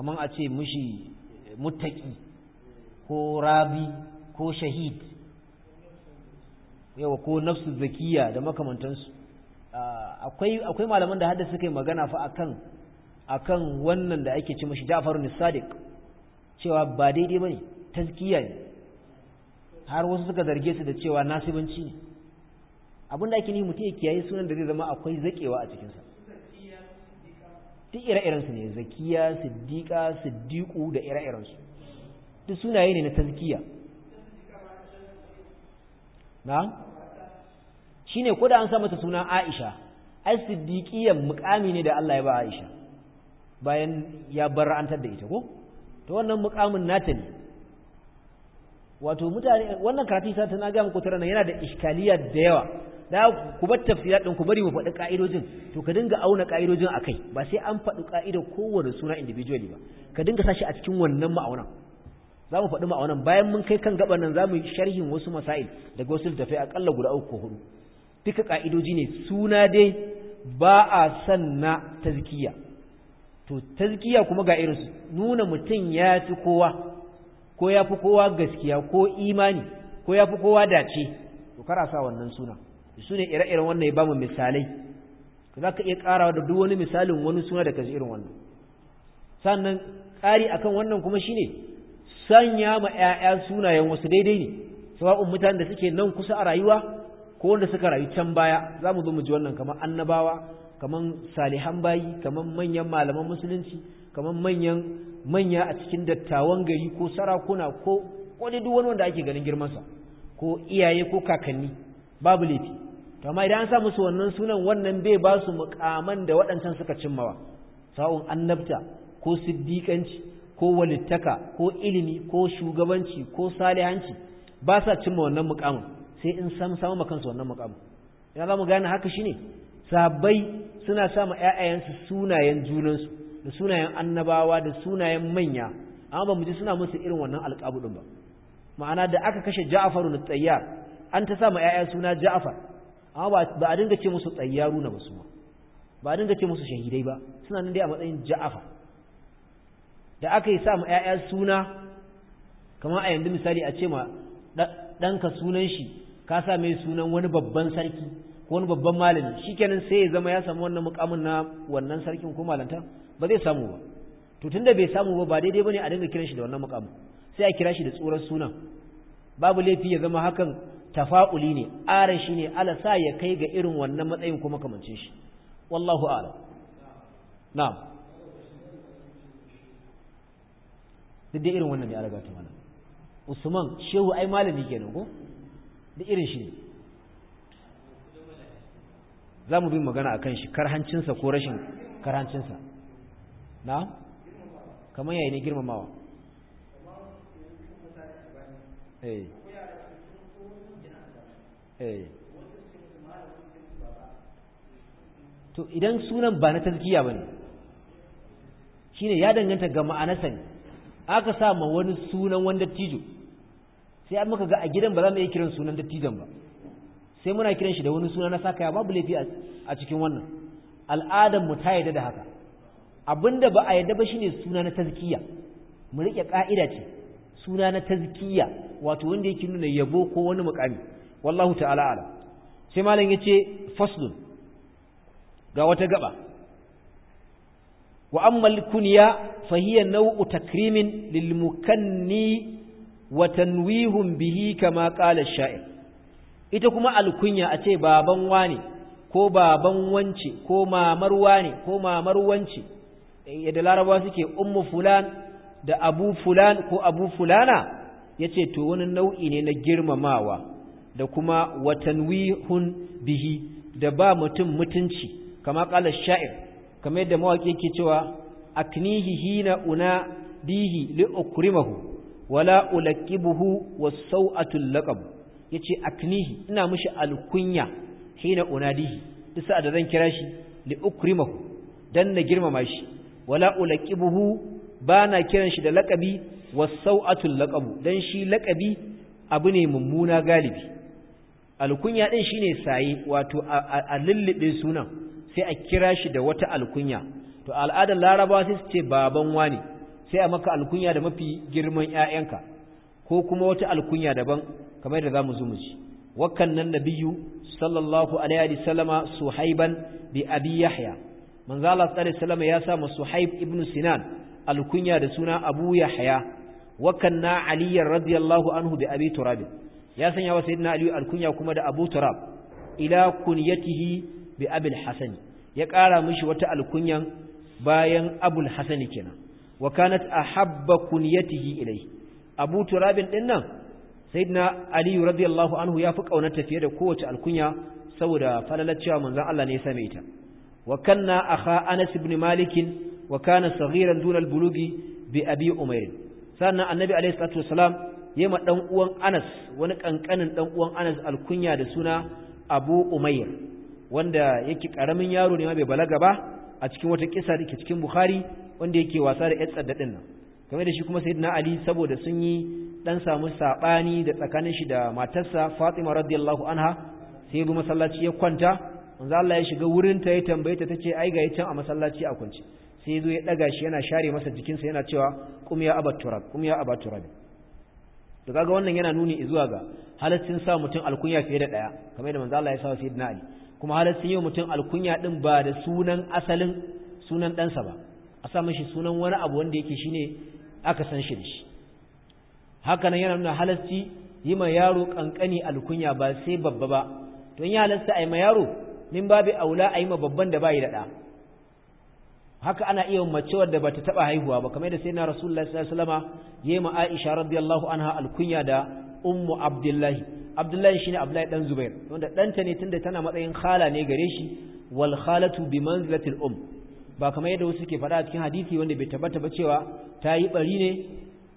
kamar a ce mushi eh, muttaki ko rabi ko shahid yawa ko nafsu zakiya da makamantansu akwai malaman da haddasa suka magana fa akan akan wannan da ake ce mashi jafaru nisadik cewa ba daidai ba bane taskiya ne har wasu suka zarge su da cewa nasibanci ne abinda ake nihi mutum ya kiyaye sunan da zai zama akwai zakewa a cikinsa duk ire-irensu ne zakiya siddiqa siddiqu da ire-irensu duk sunaye ne na tazkiya na shine ko da an sa mata sunan Aisha ai siddiqiyan muqami ne da Allah ya ba Aisha bayan ya bar'antar da ita ko to wannan muqamin nata ne wato mutane wannan karatu sai na ga muku na yana da iskaliya da yawa da ku bar tafsira din ku bari mu faɗi ka'idojin to ka dinga auna ka'idojin akai ba sai an faɗi ka'idar kowanne suna individually ba ka dinga sashi a cikin wannan ma'aunan za mu faɗi ma'aunan bayan mun kai kan gaban nan za mu yi sharhin wasu masail daga wasu littafai aƙalla guda uku ko hudu duka ka'idoji ne suna dai ba a san na tazkiya to tazkiya kuma ga irin su, nuna mutum ya fi kowa ko ya fi kowa gaskiya ko imani ko ya fi kowa dace to kar sa wannan suna su ne ire-iren wannan ya bamu misalai za ka iya ƙarawa da duk wani misalin wani suna da kashi irin wannan sannan ƙari akan wannan kuma shine sanya ma 'ya'ya sunayen wasu daidai ne sababin mutane da suke nan kusa a rayuwa ko wanda suka rayu can baya za mu zo mu ji wannan kamar annabawa kamar salihan bayi kamar manyan malaman musulunci kamar manyan manya a cikin dattawan gari ko sarakuna ko wani duk wani wanda ake ganin girmansa ko iyaye ko kakanni babu laifi amma idan an sa musu wannan sunan wannan bai ba su mukaman da waɗancan suka cimmawa sa'un annabta ko siddiƙanci ko walittaka ko ilimi ko shugabanci ko salihanci ba sa cimma wannan mukamin sai in san samu ma kansu wannan mukamin ina za mu gane haka shine sabai suna sa ma ƴaƴayensu sunayen junansu da sunayen annabawa da sunayen manya amma ba mu ji suna musu irin wannan alƙabudin ba ma'ana da aka kashe ja'afaru na Tayyar an ta sa ma ƴaƴa suna Ja'far A'a ba a dinga ce musu tsayyaru na musu ba a dinga ce musu shahidai ba suna nan dai a matsayin ja'afa da aka yi sa ma 'ya'ya suna kamar a yanzu misali a ce ma ɗanka sunan shi ka sa mai sunan wani babban sarki ko wani babban malami shikenan sai ya zama ya samu wannan mukamin na wannan sarkin ko malanta ba zai samu ba to tunda bai samu ba ba daidai bane a dinga kiran shi da wannan mukamin sai a kira shi da tsoron sunan babu laifi ya zama hakan tafa'uli ne shi ne ala sa ya kai ga irin wannan matsayin kuma kamancin shi wallahu a'lam na'am duk da irin wannan ne alaga ta mana. usman shehu ai malami kenan ko da irin shi ne za mu bi magana akan shi karhancinsa ko rashin karhancinsa na kamar yayi ne girmamawa eh Eh. to idan sunan ba na tazkiya bane shine ya danganta ga ma'anarsa ne aka sa ma wani sunan wani dattijo sai an muka ga a gidan ba za mu iya kiran sunan dattijon ba sai muna kiran shi da wani suna na saka ya babu laifi a cikin wannan al'adar mu ta yadda da haka abinda ba a yadda ba shine suna na tazkiya mu rike ka'ida ce suna na tazkiya wato wanda yake nuna yabo ko wani mukami wallahu ta'ala ala sai malam yace faslun ga wata gaba wa ammal kunya fa hiya naw'u takrimin lil mukanni wa tanwihum bihi kama qala sha'ir ita kuma alkunya a ce baban wani ko baban wance ko mamar wani ko mamar wance eh, yadda larabawa suke ummu fulan da abu fulan ko abu fulana yace to wani nau'i ne na girmamawa da kuma watanwihun bihi da ba mutum mutunci kama kala sha'ir kamar yadda mawaƙi ke cewa aknihi hina una dihi li ukrimahu wala ulaqibuhu was laqab yace aknihi ina mushi alkunya hina una dihi duk da zan kira shi li ukrimahu na girmama shi wala ba bana kiran shi da laqabi wasau'atu sau'atun laƙabu, dan shi laƙabi abu ne mummuna galibi alkunya din shine saye wato a lullube sunan sai a kira shi da wata alkunya to al'adar laraba sai su ce baban wani sai a maka alkunya da mafi girman ƴaƴanka ko kuma wata alkunya daban kamar yadda zamu zo mu ji wakan nan nabiyyu sallallahu alaihi wa sallama suhaiban bi abi yahya manzo Allah sallallahu alaihi ya sa suhaib ibnu sinan alkunya da suna abu yahya wakan na aliyyar radiyallahu anhu bi abi turabi ya sanya wa sayyidina ali alkunya kuma da abu turab ila kunyatihi bi abul hasani ya ƙara mishi wata alkunyan bayan abul hasani kenan wa kanat ahabba kunyatihi ilai abu turabin din nan sayyidina ali radiyallahu anhu ya fi kaunarta fiye da kowace alkunya saboda falalar cewa manzon Allah ne ya same ita wa kanna akha anas ibn malik wa kana saghiran dun al-bulugi bi abi umair sannan annabi alayhi salatu wasalam ma dan uwan Anas wani ƙanƙanin ɗan uwan Anas alkunya da suna Abu Umayr wanda yake karamin yaro ne ma bai balaga ba a cikin wata kisa da ke cikin Bukhari wanda yake wasa da yar tsadda din nan kamar da shi kuma Sayyidina Ali saboda sun yi dan samu sabani da tsakanin shi da matarsa Fatima radiyallahu anha sai bi masallaci ya kwanta manzo Allah ya shiga wurin ta ya tambaye ta tace ai ga can a masallaci a kwance sai ya zo ya daga shi yana share masa jikinsa yana cewa kum ya abaturab kum ya abaturab to kaga wannan yana nuni zuwa ga halaccin sa mutum alkunya fiye da daya kamar yadda manzo Allah ya sa sayyidina Ali kuma halaccin yau mutum alkunya din ba da sunan asalin sunan ɗansa ba a sa mishi sunan wani abu wanda yake shine aka san shi da shi haka nan yana nuna halarci yi ma yaro kankani alkunya ba sai babba ba to in ya halasta a ma yaro min babu aula a yi ma babban da bayi da ɗa haka ana iya mace wadda bata taba haihuwa ba kamar da sai na rasulullahi sallallahu alaihi wasallama yayi ma Aisha radiyallahu anha alkunya da ummu abdullahi abdullahi shine abdullahi dan zubair wanda danta ne tunda tana matsayin khala ne gare shi wal khalatu bi manzilatil um ba kamar yadda wasu ke faɗa a cikin hadisi wanda bai tabbata ba cewa ta yi bari ne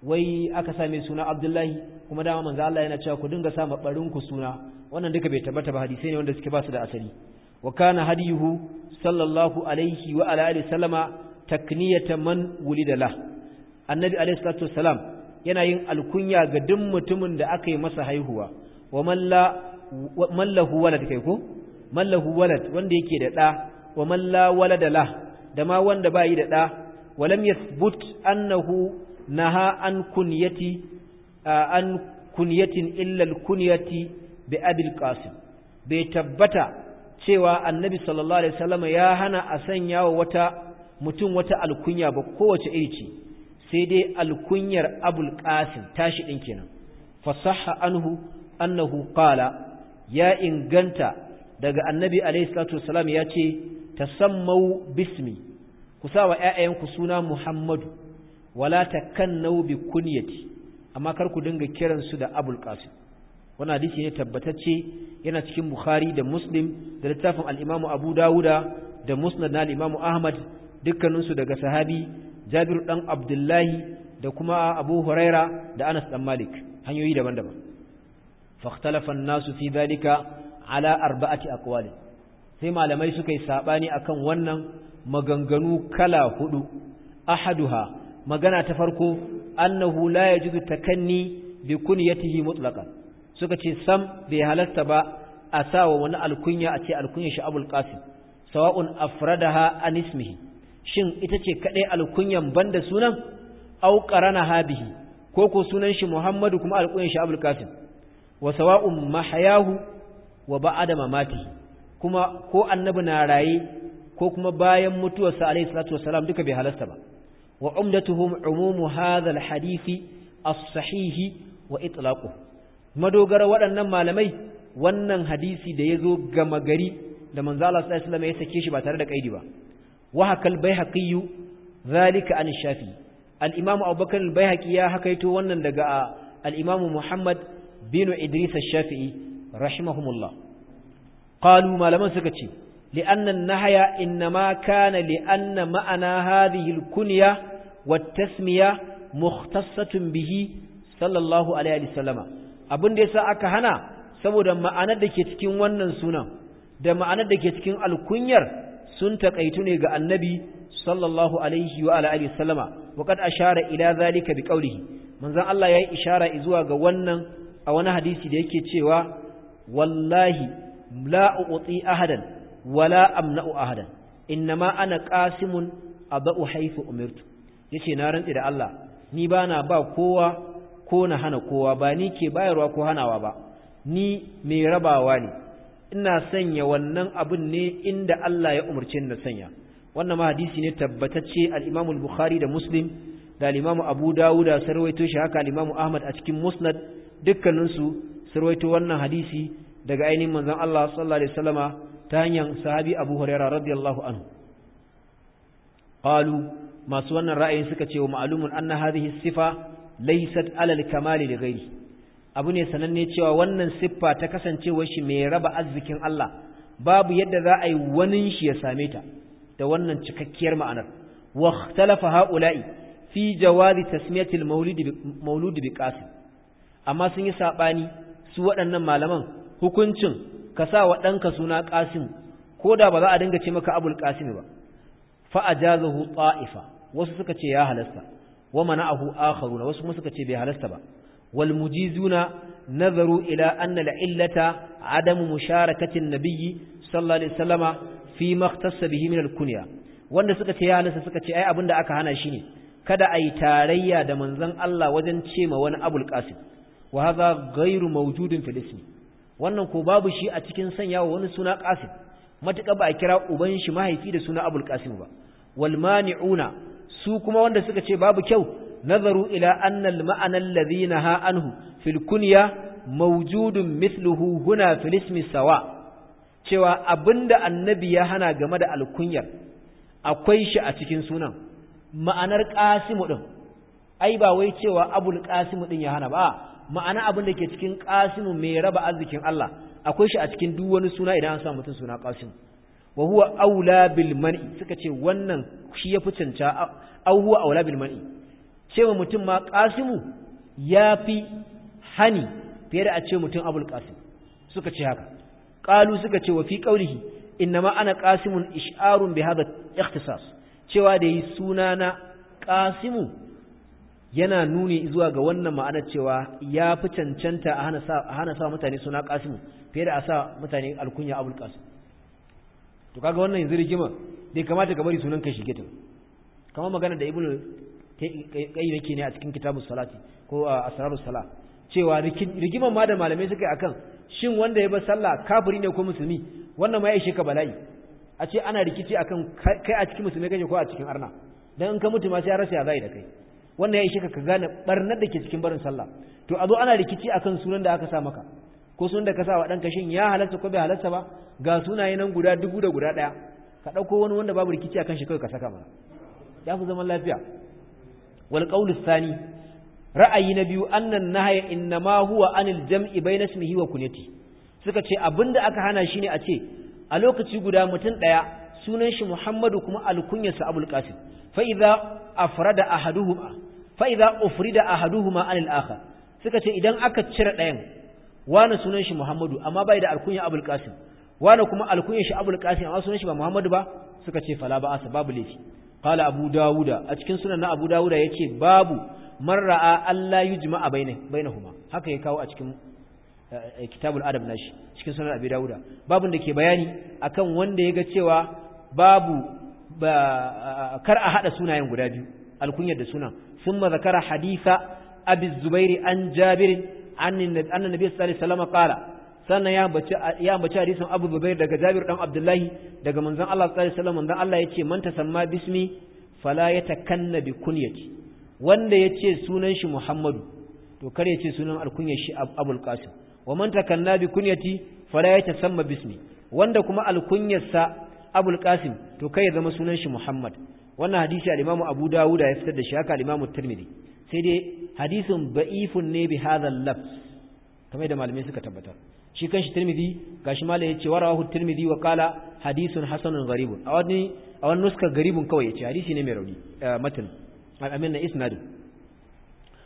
wai aka sa suna abdullahi kuma dama manzo Allah yana cewa ku dinga sa ma ku suna wannan duka bai tabbata ba hadisi ne wanda suke ba su da asali wa kana hadiyuhu sallallahu alaihi wa ala alihi sallama takniyata man wulida la annabi alaihi salatu wassalam yana yin alkunya ga duk mutumin da aka yi masa haihuwa wa mallahu walad kai ko mallahu walad wanda yake da ɗa wa malla walada la da ma wanda ba yi da ɗa wa lam yathbut annahu naha an kunyati an kunyatin illa al kunyati bi abil qasim bai tabbata cewa annabi sallallahu alaihi wasallam ya hana a sanya wa wata mutum wata alkunya ba kowace iri sai dai alkunyar abul qasim tashi din kenan sahha anhu annahu qala ya inganta daga annabi alaihi salatu wasallam ya ce tasammau bismi ku sa wa 'ya'yanku suna muhammadu wala takannau bi kunyati amma kar ku dinga kiransu da abul qasim wannan hadisi ne tabbatacce yana cikin bukhari da muslim da littafin al abu dawuda da musnad na al ahmad dukkaninsu daga sahabi jabir dan abdullahi da kuma abu huraira da anas dan malik hanyoyi daban-daban fakhtalafa an-nasu fi dhalika ala arba'ati aqwal sai malamai suka yi sabani akan wannan maganganu kala hudu ahaduha magana ta farko annahu la yajuzu takanni bi kunyatihi mutlaqan suka ce sam bai halarta ba a sa wa wani alkunya a ce alkunya shi abul qasim sawa'un afradaha an shin ita ce kadai alkunyan banda sunan au qaranaha bihi ko ko sunan shi muhammadu kuma alkunya shi abul qasim wa sawa'un mahayahu wa ba'da mamatihi kuma ko annabi na raye ko kuma bayan mutuwarsa alayhi salatu wassalam duka bai halarta ba wa umdatuhum umumu hadha alhadisi as-sahih wa itlaquhu madogara waɗannan malamai wannan hadisi da ya zo gama gari da manzo Allah sallallahu alaihi wasallam ya sake shi ba tare da kaidi ba wa hakal baihaqi zalika an shafi al-imam abubakar al-baihaqi ya hakaito wannan daga al-imam muhammad bin idris ash-shafi'i rahimahumullah qalu malaman suka ce لأن النهي إنما كان لأن معنى هذه الكنية والتسمية مختصة به صلى الله عليه وسلم abin da yasa aka hana saboda ma'anar da ke cikin wannan sunan da ma'anar da ke cikin alkunyar sun takaitu ne ga annabi sallallahu alaihi wa ala alihi sallama wa qad ashara ila zalika bi qawlihi manzon Allah yayi ishara zuwa ga wannan a wani hadisi da yake cewa wallahi la uqti ahadan wala amna'u ahadan innama ana qasimun adau haythu umirtu yace na rantsi da Allah ni bana ba kowa ko na hana kowa ba ni ke bayarwa ko hanawa ba ni mai rabawa ne ina sanya wannan abin ne inda Allah ya umarce ni na sanya wannan ma hadisi ne tabbatacce al-Imam al-Bukhari da Muslim da al-Imam Abu Dawud da sarwaito shi haka al-Imam Ahmad a cikin Musnad dukkanin su sarwaito wannan hadisi daga ainihin manzon Allah sallallahu alaihi wasallama ta hanyar sahabi Abu Hurairah radiyallahu anhu qalu masu wannan ra'ayin suka ce wa ma'lumun anna hadhihi sifa laysat alal kamali da gairi abu ne sananne cewa wannan siffa ta kasancewar shi mai raba arzikin Allah babu yadda za a yi wanin shi ya same ta da wannan cikakkiyar ma'anar wa ikhtalafa haula'i fi jawazi tasmiyati al-mawlud bi qasim amma sun yi sabani su waɗannan malaman hukuncin ka sa wa ɗanka suna qasim ko da ba za a dinga ce maka abul qasim ba fa ajazahu ta'ifa wasu suka ce ya halasta wa mana'ahu akharuna wasu kuma suka ce bai halasta ba walmujizuna nazaru ila annala illata adamu musharakati an-nabiy sallallahu alaihi wasallama fi ma ikhtassa bihi kunya wanda suka ce ya halasta suka ce ai abinda aka hana shi ne kada ai tarayya da manzon Allah wajen ce ma wani abul qasim wa hadha ghairu wannan ko babu shi a cikin sanya wa wani suna qasim matuƙa ba a kira uban shi mahaifi da suna abul qasim ba wal mani'una su kuma wanda suka ce babu kyau nazaru ila annal ma'ana alladhi ha anhu fil kunya mawjudun mithluhu huna fil ismi sawa cewa abinda annabi ya hana game da alkunyar akwai shi a cikin sunan ma'anar qasimu din ai ba wai cewa abul qasimu din ya hana ba ma'ana abin da ke cikin qasimu mai raba arzikin Allah akwai shi a cikin duk wani suna idan an sa mutum suna qasimu wa huwa aula bil man'i suka ce wannan shi ya fi au huwa aula bil man'i cewa mutum ma qasimu yafi hani fiye da a ce mutum abul qasim suka ce haka qalu suka ce wa fi qawlihi innama ana qasimun ish'arun bi hada ikhtisas cewa da yi na qasimu yana nuni zuwa ga wannan ma'ana cewa ya fi cancanta a hana sa mutane suna qasimu fiye da a sa mutane alkunya abul qasim to kaga wannan yanzu rigima bai kamata ka bari sunan ka shige ta kamar magana da ibnu kai yake ne a cikin kitabus salati ko asrarus sala cewa rigiman ma da malamai suka yi akan shin wanda ya bar sallah kafiri ne ko musulmi wannan ma ya ishe ka bala'i a ce ana rikici akan kai a cikin musulmi kake ko a cikin arna dan in ka mutu ma sai ya rasa ya zai da kai wannan ya ishe ka ka gane barnar da ke cikin barin sallah to a zo ana rikici akan sunan da aka sa maka ko sun da ka sa wa ɗanka shin ya halarta ko bai halarta ba ga sunaye nan guda dubu da guda ɗaya ka ɗauko wani wanda babu rikici a kan shi kawai ka saka mana ya fi zaman lafiya wal qawlu thani ra'ayi na biyu annan nahaya innama huwa anil jam'i bayna ismihi wa kunyati suka ce abinda aka hana shi ne a ce a lokaci guda mutum ɗaya sunan shi Muhammadu kuma alkunyarsa Abul Qasim fa idza afrada ahaduhuma fa idza ufrida ahaduhuma anil akhar suka ce idan aka cire ɗayan wani sunan shi Muhammadu amma bai da alkunya Abul Qasim wani kuma alkunyar shi Abul Qasim amma sunan shi ba Muhammadu ba suka ce fala ba asa babu laifi qala Abu Dawuda a cikin sunan na Abu Dawuda yace babu man ra'a Allah yujma'a bainahuma haka ya kawo a cikin eh, kitabul adab nashi cikin sunan Abu Dawuda babun da ke bayani akan wanda yaga cewa babu kar a hada sunayen guda biyu alkunyar da sunan summa zakara haditha abi zubairi an jabirin annan nabi sallallahu alaihi wasallam qala sannan ya bace ya bace hadisin Abu Zubair daga Jabir dan Abdullahi daga manzon Allah sallallahu alaihi wasallam manzon Allah yace man tasamma bismi fala yatakanna bi kunyati wanda yace sunan shi Muhammadu to kar yace sunan alkunyar shi Abul Qasim wa man takanna bi kunyati fala yatasamma bismi wanda kuma alkunyarsa Abul Qasim to kai ya zama sunan shi Muhammad wannan hadisi al-Imam Abu Dawud ya fitar da shi haka al-Imam Tirmidhi sai dai hadisin ba'ifun ne bi hadha al-lafz kamar da malamai suka tabbatar shi kanshi Tirmidhi gashi malai yace warahu Tirmidhi wa qala hadisun hasanun gharibun a wani a wani nuskar garibun kawai yace hadisi ne mai rauni eh, matan al-amin na isnadu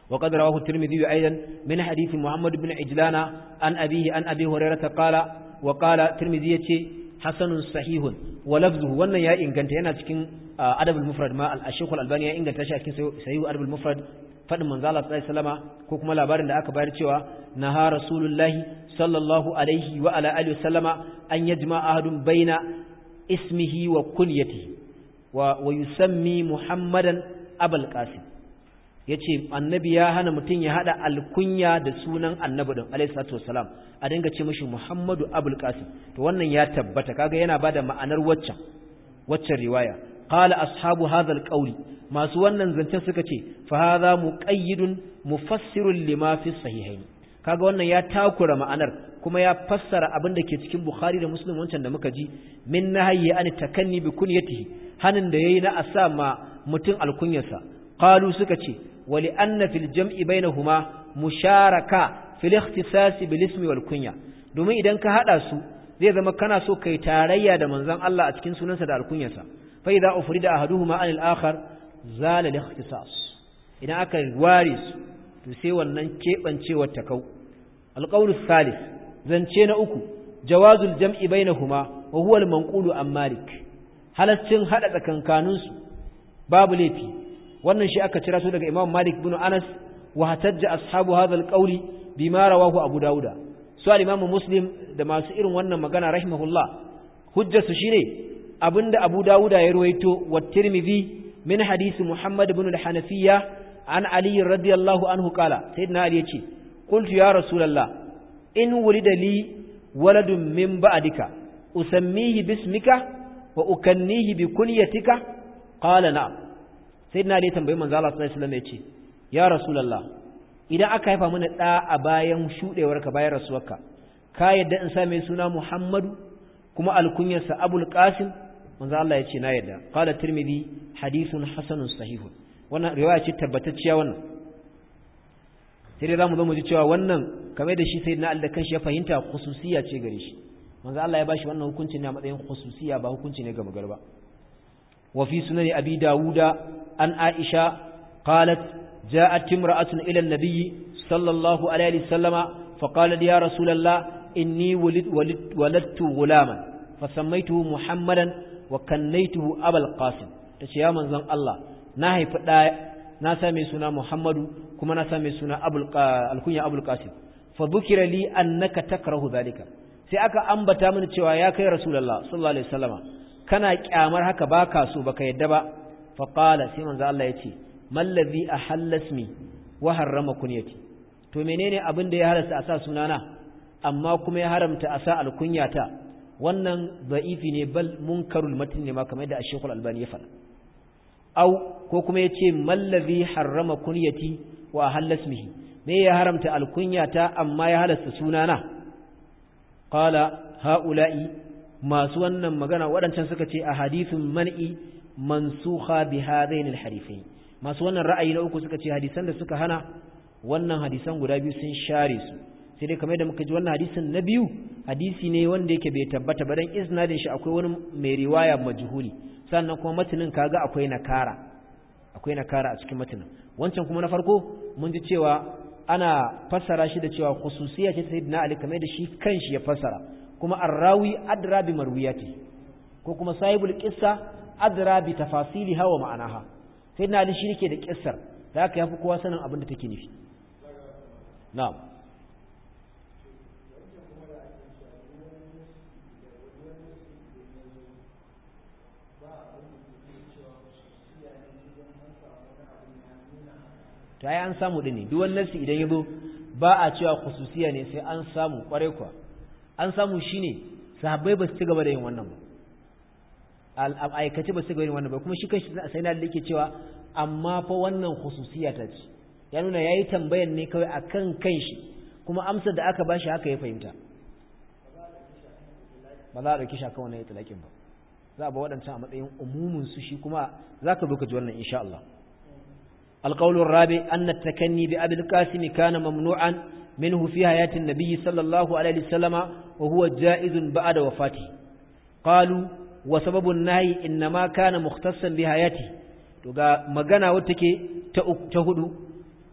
وقد رواه min أيضا من حديث محمد an عجلان عن أبيه عن أبي هريرة قال وقال الترمذي حسن صحيح ولفظه وأن يا إن inganta yana cikin adabul mufrad ma al-shaykh al-albani ya inganta shi a cikin sahih adabul mufrad fadin manzo Allah sallallahu alaihi wasallama ko kuma labarin da aka bayar cewa naha rasulullahi sallallahu alaihi wa ala alihi wasallama an yajma ahadun baina ismihi wa kunyatihi wa wa yusammi muhammadan abul qasim yace annabi ya hana mutum ya hada alkunya da sunan annabi din alaihi salatu wasalam a dinga ce mishi muhammadu abul qasim to wannan ya tabbata kaga yana bada ma'anar waccan waccan riwaya qala ashabu hadha alqawli masu wannan zancen suka ce fa mu muqayyidun mufassirun lima fi sahihaini kaga wannan ya takura ma'anar kuma ya fassara abin da ke cikin Bukhari da Muslim wancan da muka ji min nahyi an takanni bi kunyatihi hanin da yayi na asa ma mutum alkunyarsa qalu suka ce wali anna fil jam'i bainahuma musharaka fil ikhtisas bil ismi wal kunya domin idan ka hada su zai zama kana so kai tarayya da manzon Allah a cikin sunansa da alkunyarsa fa idza ufrida ahaduhuma an al-akhar zala al idan aka ware su to sai wannan kebancewar ta kau al-qawl zance na uku jawazul jam'i bainahuma wa huwa al-manqulu an malik halaccin hada tsakankanin babu laifi wannan shi aka cira su daga imam malik ibn anas wa hatajja ashabu hadha al-qawli bima rawahu abu dauda su al-imam muslim da masu irin wannan magana rahimahullah hujjarsu shine abinda abu dawuda ya ruwaito wa tirmidhi min hadisi muhammad ibn al-hanafiya an ali radiyallahu anhu qala sayyidina ali yace qultu ya rasulullah in wulida li waladun min ba'dika usammihi bismika wa ukannihi bi kunyatika qala na'am sayyidina ali tambayi manzo Allah sallallahu alaihi wasallam yace ya rasulullah idan aka haifa mana da a bayan shudewarka bayan rasuwarka ka yadda in sa mai suna muhammadu kuma alkunyarsa abul qasim manzo Allah ce na yadda qala tirmidhi hadithun hasanun sahihun wannan riwaya ce tabbatacciya wannan sai dai zamu zo mu ji cewa wannan kamar da shi sayyidina Ali da kanshi ya fahimta khususiyya ce gare shi manzo Allah ya bashi wannan hukunci ne a matsayin khususiyya ba hukunci ne ga magar ba wa fi sunani abi dawuda an aisha qalat ja'at imra'atun ila an-nabiy sallallahu alaihi wasallama fa qalat ya rasulullah inni walid walidtu ghulaman fa sammaytuhu muhammadan wa kallaituhu abal qasim tace ya manzon Allah na haifi da na sa mai suna Muhammadu kuma na sa mai suna abul alkunya abul qasim fa dhukira li annaka takrahu zalika sai aka ambata mini cewa ya kai rasulullah sallallahu alaihi wasallama kana kyamar haka baka so baka yadda ba fa qala sai manzo Allah yace mallazi ahallasmi wa harrama kunyati to menene abin da ya halasta a sa sunana amma kuma ya haramta a sa alkunyata wannan za'ifi ne bal munkarul matn ne ma kamar yadda Sheikh Al-Albani ya faɗa au ko kuma yace mallazi harrama kunyati wa halasmihi me ya haramta alkunyata amma ya halasta sunana qala haula'i masu wannan magana waɗancan suka ce a hadithun man'i mansuha bi hadain alharifain masu wannan ra'ayi na uku suka ce hadisan da suka hana wannan hadisan guda biyu sun share su sai dai kamar yadda muka ji wannan hadisin na biyu hadisi ne wanda yake bai tabbata ba dan isnadin shi akwai wani mai riwaya majhuli sannan kuma matanin kaga akwai nakara akwai nakara a cikin matanin wancan kuma na farko mun ji cewa ana fassara shi da cewa khususiyya ce sayyidina ali kamar da shi kanshi ya fassara kuma arrawi adra bi marwiyati ko kuma sahibul qissa adra bi tafasiliha wa ma'anaha sayyidina ali shi yake da qissar da haka yafi kowa sanin abin da take nufi na'am to ai an samu din ne duk wani nasi idan yazo ba a cewa khususiya ne sai an samu kwarai kwa an samu shine sahabbai ba su ci gaba da yin wannan ba aikace ba su ga wannan ba kuma shi kanshi sai na da yake cewa amma fa wannan khususiya ta ce ya nuna yayi tambayan ne kawai akan shi kuma amsar da aka bashi haka ya fahimta ba za a dauki shaka wannan itlaqin ba za a ba waɗancan a matsayin umumin su shi kuma za ka zo ka ji wannan insha Allah القول الرابع أن التكني بأبي القاسم كان ممنوعا منه في حياة النبي صلى الله عليه وسلم وهو جائز بعد وفاته قالوا وسبب النهي إنما كان مختصا بحياته wata ke ta تهدو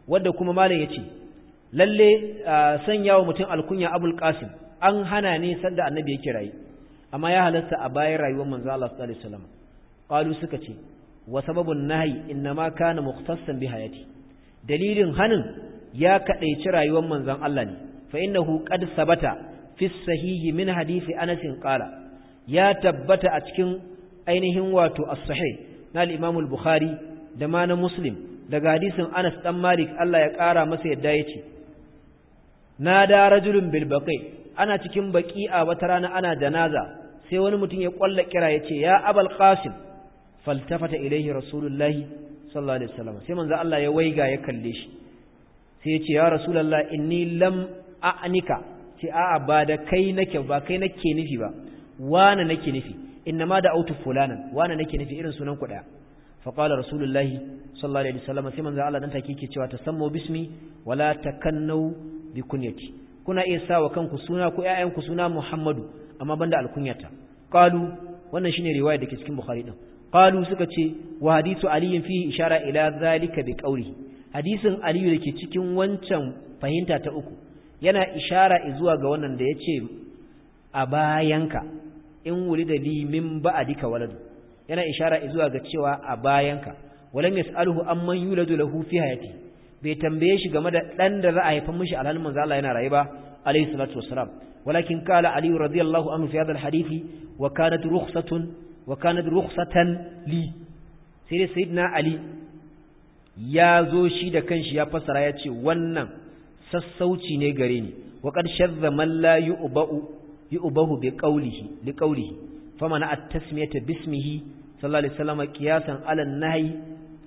wadda kuma malam ya ce lalle sanya wa mutum alkunya abul qasim an hana ne sanda annabi yake rayi amma ya halasta a bayan rayuwar manzo Allah sallallahu alaihi wasallam qalu suka ce wa sababun nahi innama kana mukhtassan bi hayati dalilin hanin ya kadaici rayuwar manzon Allah ne fa innahu qad sabata fi sahihi min hadisi Anas qala ya tabbata a cikin ainihin wato as-sahih na al-Imam al-Bukhari da ma na Muslim daga hadisin Anas dan Malik Allah ya kara masa yadda yace na da rajulun bil baqi ana cikin baqi'a wata rana ana janaza sai wani mutum ya kwalla kira yace ya Abul Qasim faltafata ilaihi rasulullahi sallallahu alaihi wasallam sai manzo Allah ya waiga ya kalle shi sai ya ce ya rasulullah inni lam a'nika ce a'a ba da kai nake ba kai nake nufi ba wana nake nufi ma da autu fulanan wana nake nufi irin sunan ku daya fa qala rasulullah sallallahu alaihi wasallam sai manzo Allah dan take yake cewa tasammu bismi wala takannu bi kunyati kuna iya sawa kanku suna ko ƴaƴanku suna Muhammadu amma banda alkunyata qalu wannan shine riwaya dake cikin Bukhari din qalu suka ce wa hadithu aliyin fi ishara ila zalika bi qawli hadisin aliyu dake cikin wancan fahimta ta uku yana ishara zuwa ga wannan da yace a bayanka in wulida li min ba'dika waladu yana ishara zuwa ga cewa a bayanka walam yas'aluhu amman yuladu lahu fi hayati bai tambaye shi game da dan da za a haifa mishi alhalin manzo Allah yana rayuwa alayhi salatu wassalam walakin qala ali radiyallahu anhu fi hadha alhadith wa kanat rukhsatun wa kanat rukhsatan li sai dai sayyidina ali ya zo shi da kanshi ya fasara, ya ce wannan sassauci ne gare ni wa qad shadda man la yu'ba'u yu'bahu bi qawlihi li qawlihi famana at-tasmiyata bismihi sallallahu alaihi wasallam qiyasan ala an-nahy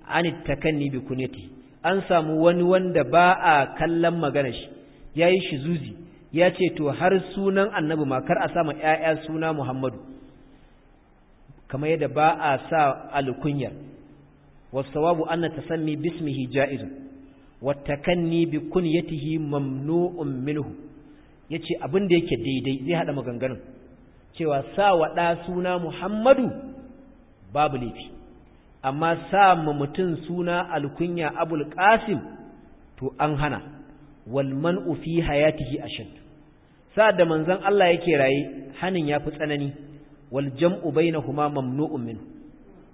an an bi an samu wani wanda ba a kallon magana shi yayi shi zuzi ya ce to har sunan annabi ma kar a sama ƴaƴa suna Muhammadu kamar yadda ba a sa alkunyar wasawabu anna tasammi bismihi kan wa takanni bi tihi mamnu'un minhu yace abin da yake daidai zai haɗa maganganun cewa sa wa suna Muhammadu babu laifi amma sa ma mutum suna alkunya Abul Qasim to an hana wal man'u fi hayatihi ashad sa da manzon Allah yake raye hanin yafi tsanani wal jam'u bainahuma mamnu'un min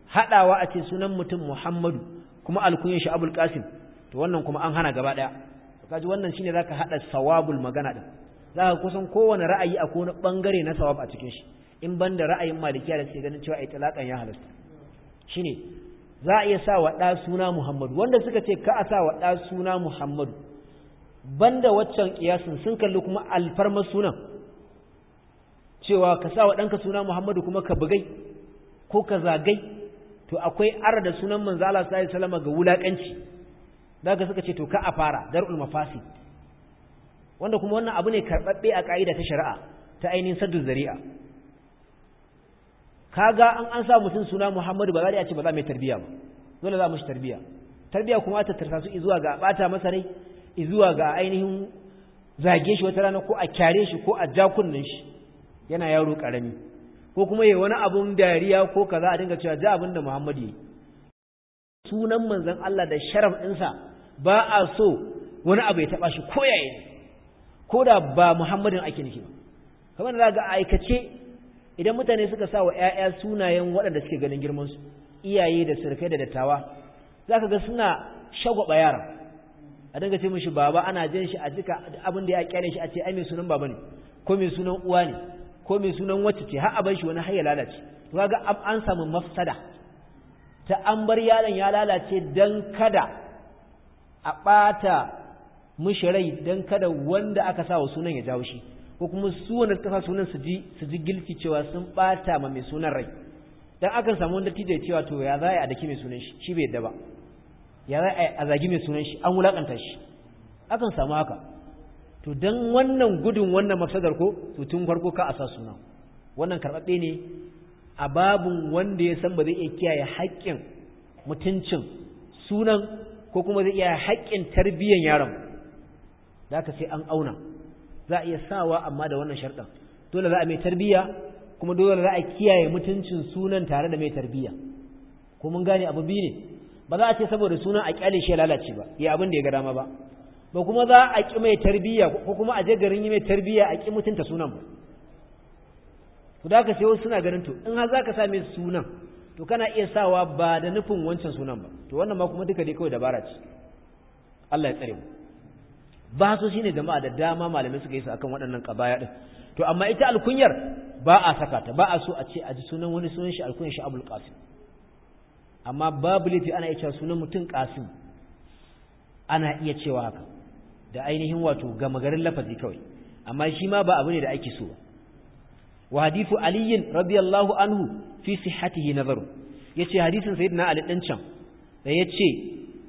hadawa a ce sunan mutum Muhammadu kuma alkunyin shi Abul Qasim to wannan kuma an hana gaba daya kaji wannan shine zaka hada sawabul magana din zaka kusan kowane ra'ayi a kowane bangare na sawab a cikin shi in banda ra'ayin malikiya da suke ganin cewa ai talakan ya halasta shine za a iya sa wa da suna Muhammadu wanda suka ce ka a sa wa da suna Muhammadu banda waccan kiyasin sun kalli kuma alfarma sunan cewa ka sa wa ɗanka suna Muhammadu kuma ka bugai ko ka zagai to akwai ara da sunan manzo Allah sallallahu alaihi wasallam ga wulakanci daga suka ce to ka a fara dar'ul mafasid wanda kuma wannan abu ne karbabbe a kaida ta shari'a ta ainihin saddu zari'a kaga an an sa mutum suna Muhammadu ba za a ce ba za mai tarbiya ba dole za mu shi tarbiya tarbiya kuma ta tarsa su zuwa ga bata masa rai zuwa ga ainihin zage shi wata rana ko a kyare shi ko a jakunnan shi yana yaro karami ko kuma wani abun dariya ko kaza a dinga cewa ji abin da Muhammad yi sunan manzon Allah da sharaf ɗinsa ba a so wani abu ya taba shi ko yaya ko da ba Muhammadin ake nufi ba kamar da ga aikace idan mutane suka sa wa ƴaƴa sunayen waɗanda suke ganin girman su iyaye da surkai da dattawa zaka ga suna shagwaba yara a dinga ce mishi baba ana jin shi a jika abin da ya kyare shi a ce ai mai sunan baba ne ko mai sunan uwa ne ko mai sunan wacce ce har a shi wani har ya lalace to kaga an samu mafsada ta an bar yaron ya lalace dan kada a bata mishi rai dan kada wanda aka sa wa sunan ya jawo shi ko kuma su wanda suka sa sunan su ji su ji gilki cewa sun bata ma mai sunan rai dan akan samu wanda tije cewa to ya za a daki mai sunan shi shi bai yadda ba ya za a zagi mai sunan shi an wulakanta shi akan samu haka to don wannan gudun wannan mafsadar ko to tun farko ka asa suna wannan karɓaɓɓe ne a babin wanda ya san ba zai iya kiyaye haƙƙin mutuncin sunan ko kuma zai iya haƙƙin tarbiyyar yaron za ka sai an auna za a iya sawa amma da wannan sharɗan dole za a mai tarbiyya kuma dole za a kiyaye mutuncin sunan tare da mai tarbiyya ko mun gane abu biyu ne ba za a ce saboda sunan a kyale shi ya lalace ba ya abin da ya ga dama ba ba kuma za a ƙi mai tarbiyya ko kuma a je garin yi mai tarbiyya a ƙi mutunta sunan ba ku da ka sayo suna ganin to in har za ka sa mai sunan to kana iya sawa ba da nufin wancan sunan ba to wannan ma kuma duka dai kawai dabara ce Allah ya tsare mu ba su shine jama'a da dama malamai suka yi su akan waɗannan kabaya din to amma ita alkunyar ba a saka ta ba a so a ce a ji sunan wani sunan shi alkunyar shi Abul Qasim amma babu laifi ana iya cewa sunan mutum Qasim ana iya cewa haka da ainihin wato gama garin lafazi kawai amma shi ma ba abu ne da ake so ba wa hadithu aliyin radiyallahu anhu fi sihhatihi nazaru yace hadisin sayyidina ali dan can da ce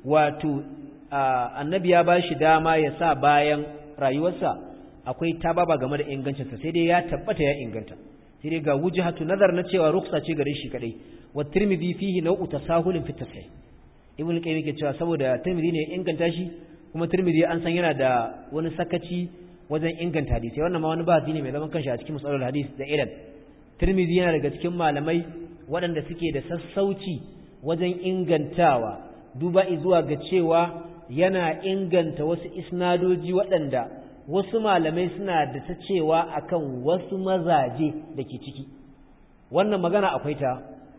wato annabi ya bashi dama ya sa bayan rayuwarsa akwai tababa game da ingancinsa sai dai ya tabbata ya inganta sai dai ga wujhatu nazar na cewa ruksa ce gare shi kadai wa tirmidhi fihi nau'u tasahulin fi tasahih ibn qayyim yake cewa saboda tirmidhi ne ya inganta shi kuma turmidi an san yana da wani sakaci wajen inganta hadisi wannan ma wani bahasi ne mai zaman kanshi a cikin matsalar hadis da iran turmidi yana daga cikin malamai waɗanda suke da sassauci wajen ingantawa duba zuwa ga cewa yana inganta wasu isnadoji waɗanda wasu malamai suna da ta cewa akan wasu mazaje da ke ciki wannan magana akwai ta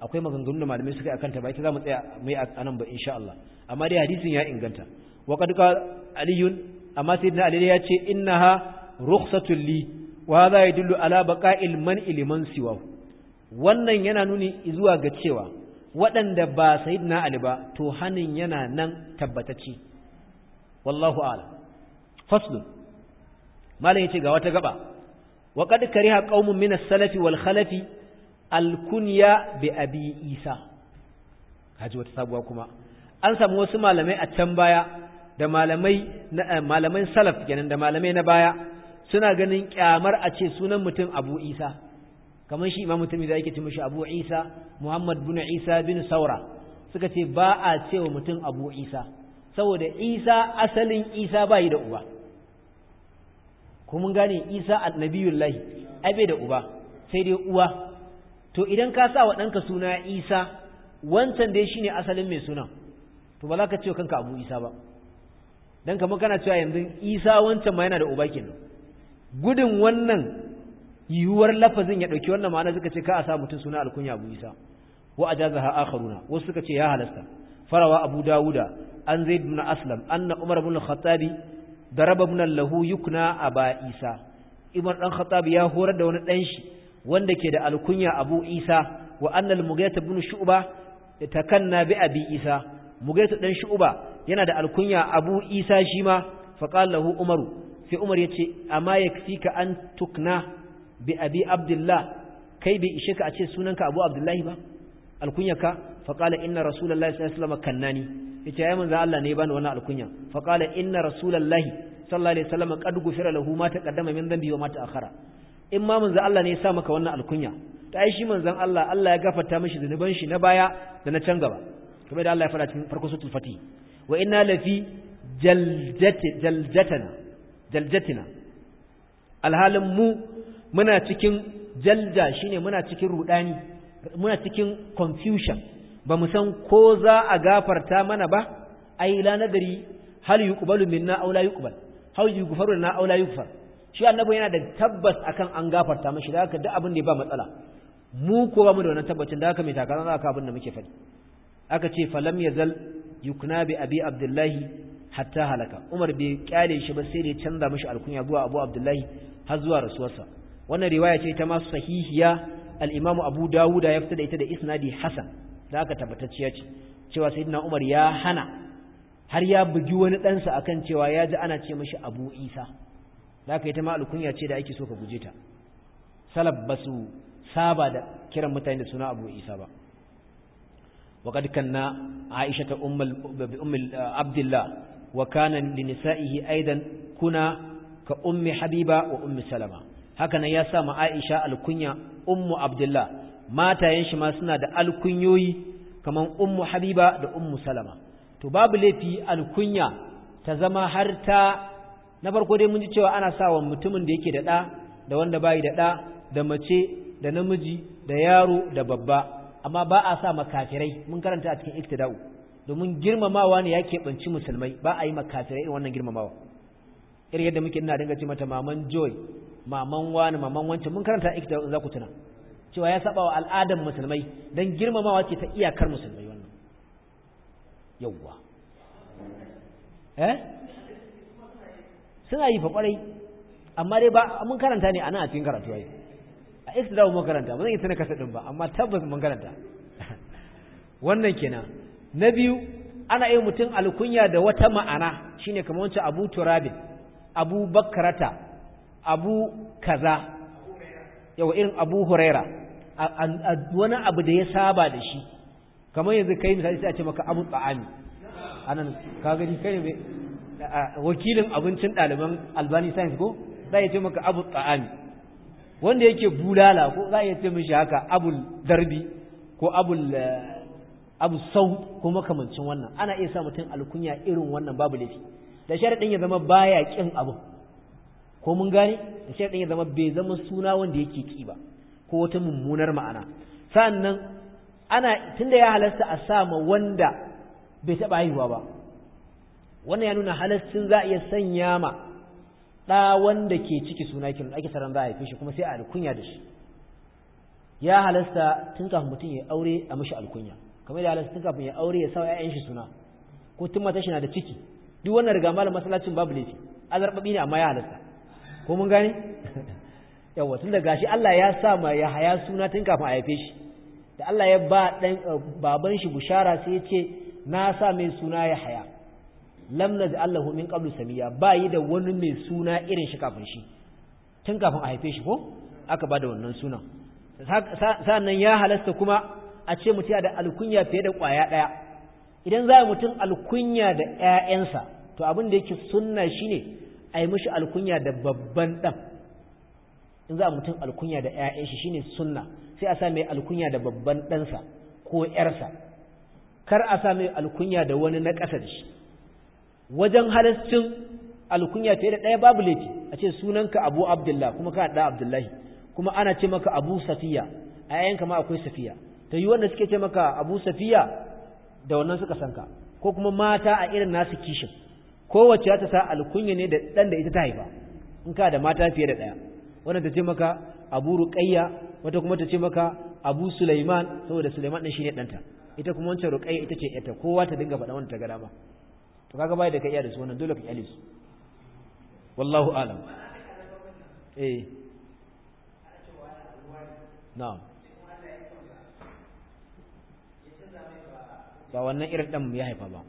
akwai maganganun da malamai suka akan ta ba ita za mu tsaya mu yi nan ba insha amma dai hadisin ya inganta wa qad aliyun amma sayyidina ali ya ce innaha rukhsatul li wa hadha yadullu ala baqa'il man'i liman siwa wannan yana nuni zuwa ga cewa waɗanda ba sayyidina ali ba to hanin yana nan tabbatacce wallahu a'lam faslun malam yace ga wata gaba wa qad kariha qaumun min salafi walhalafi, alkunya bai kunya bi abi isa kaji wata sabuwa kuma an samu wasu malamai a can baya da malamai eh, malaman salaf kenan da malamai na baya suna ganin kyamar a ce sunan mutum Abu Isa kamar shi Imam Tirmidhi yake ce mishi Abu Isa Muhammad bin Isa bin Saura suka ce ba a cewa mutum Abu Isa saboda Isa asalin Isa bai da uba ko mun gane Isa annabiyullahi ai bai da uba sai dai uwa to idan ka sa wa ɗanka suna isa wancan dai shine asalin mai sunan to ba za ka ce kanka abu isa ba dan kama kana cewa yanzu Isa wancan ma yana da uba kenan gudun wannan yiwuwar lafazin ya dauki wannan ma'ana suka ce ka a sa mutum suna alkunya Abu Isa wa ajazaha akharuna wasu suka ce ya halasta farawa Abu Dawuda an Zaid ibn Aslam anna Umar ibn al-Khattab daraba ibn lahu yukna aba Isa Umar dan Khattab ya horar da wani dan shi wanda ke da alkunya Abu Isa wa anna al-Mughayth ibn Shu'ba takanna bi Abi Isa Mughayth dan Shu'ba yana da alkunya abu isa shi ma faƙal umaru sai umar ya ce amma ya fi ka an tukna bi abi abdullah kai bai ishe ka a ce sunanka abu abdullahi ba alkunya ka faƙala inna rasulallah sallallahu alaihi wasallam kannani yace ai manzo Allah ne ya bani wannan alkunya faƙala inna rasulallah sallallahu alaihi wasallam qad gufira lahu ma taqaddama min dhanbi wa ma ta'akhara in ma manzo Allah ne ya sa maka wannan alkunya ta ai shi manzon Allah Allah ya gafarta mishi zunuban shi na baya da na can gaba kamar da Allah ya faɗa cikin farko suratul fatih wa inna lafi jaljatina jaljatina alhalin mu muna cikin jalja ne muna cikin rudani muna cikin confusion ba mu san ko za a gafarta mana ba ai la nadari hal yuqbalu minna aw la yuqbal hal yughfaru lana aw la yughfar shi annabi yana da tabbas akan an gafarta mashi da aka duk abin da ba matsala mu ko ba mu da wani tabbacin da haka mai takalan haka abin da muke fadi aka ce falam yazal yukna bi abi abdullahi hatta halaka umar bai kyale shi ba sai da ya canza mishi alkunya zuwa abu abdullahi har zuwa rasuwarsa wannan riwaya ce ta masu sahihiya al-imamu abu dawuda ya fita da ita da isnadi hasan da aka tabbatacciya ce cewa sayyidina umar ya hana har ya bugi wani ɗansa akan cewa ya ji ana ce mishi abu isa da aka yi ta ma alkunya ce da ake so ka guje ta salaf ba su saba da kiran mutane da suna abu isa ba وقد كنا عائشة أم, أم عبد الله وكان لنسائه أيضا كنا كأم حبيبة وأم سلمة هكذا يسام عائشة الكنية أم عبد الله ما تينش ما سنة الكنيوي كمان أم حبيبة وأم سلمة تباب لي في الكنية تزما هرتا نفر قدي منجي تيوى أنا ساوى متمن ديكي دا da wanda bayi da ɗa da mace da namiji da yaro da babba amma ba a sa makafirai mun karanta a cikin iktida'u domin girmamawa ne ya keɓanci musulmai ba a yi makafirai irin wannan girmamawa irin yadda muke ina dinga ce mata maman joy maman wani maman wancan mun karanta iktida'u za ku tuna cewa ya saba wa al'adan musulmai dan girmamawa ce ta iyakar musulmai wannan yawwa eh suna yi fa kwarai amma dai ba mun karanta ne a nan a cikin karatu yayi isra mu karanta ba zan yi tana kasa ba amma tabbas mun karanta wannan kenan na biyu ana yi mutum alkunya da wata ma'ana shine kamar wancan abu turabin abu bakarata abu kaza yawa irin abu huraira wani abu da ya saba da shi kamar yanzu kai misali sai a ce maka abu ta'ami anan ka gani kai wakilin abincin ɗaliban albani science ko za ya ce maka abu ta'ami wanda yake bulala ko za a iya ce mishi haka abul darbi ko abul eh, abu sau ko makamancin wannan ana iya sa mutum alkunya irin wannan babu laifi da sharaɗin ya zama baya kin abu ko mun gane da sharaɗin ya zama bai zama suna wanda yake ki ba ko wata mummunar ma'ana sannan ana tun da ya halasta a sa ma wanda bai taɓa haihuwa ba wannan ya nuna halastin za a iya sanya ma ɗa wanda ke ciki suna kenan ake taron za a haife shi kuma sai a alkunya da shi ya halasta tun kafin mutum ya aure a mashi alkunya kamar da halasta tun kafin ya aure ya sawa ƴaƴan shi suna ko tun mata shi na da ciki duk wannan riga malam masallacin babu laifi azarbabi ne amma ya halasta ko mun gane (laughs) yawa tun da gashi Allah ya sa ma ya haya suna tun kafin a haife shi da Allah ya ba dan eh, baban shi bushara sai ya ce na sa mai suna ya haya lam naj'al allahu min qablu samiya ba yi da wani mai suna irin shi kafin shi tun kafin a haife shi ko aka bada wannan sunan sannan ya halasta kuma a ce mutum da alkunya fiye da kwaya ɗaya. idan za a mutum alkunya da ƴaƴansa to abin da yake sunna shine a yi mishi alkunya da babban dan in za a mutum alkunya da ƴaƴan shi shine sunna sai a sa mai alkunya da babban ɗansa ko ƴarsa kar a sa mai alkunya da wani na ƙasa da shi wajen halascin alkunya fiye da ɗaya babu laifi a ce sunanka abu abdullah kuma ka da abdullahi kuma ana ce maka abu safiya a yayin kama akwai safiya ta yi wanda suke ce maka abu safiya da wannan suka sanka ko kuma mata a irin nasu kishin kowace ta sa alkunya ne da ɗan da ita ta haifa in ka da mata fiye da ɗaya wannan ta ce maka abu ruƙayya wata kuma ta ce maka abu sulaiman saboda sulaiman ɗin ne ɗanta ita kuma wancan ruƙayya ita ce ita kowa ta dinga faɗa wanda ta ga dama to kaga bai da kai iya da su wannan dole ka kyale su wallahu alam eh na'am ba wannan irin dan ya haifa ba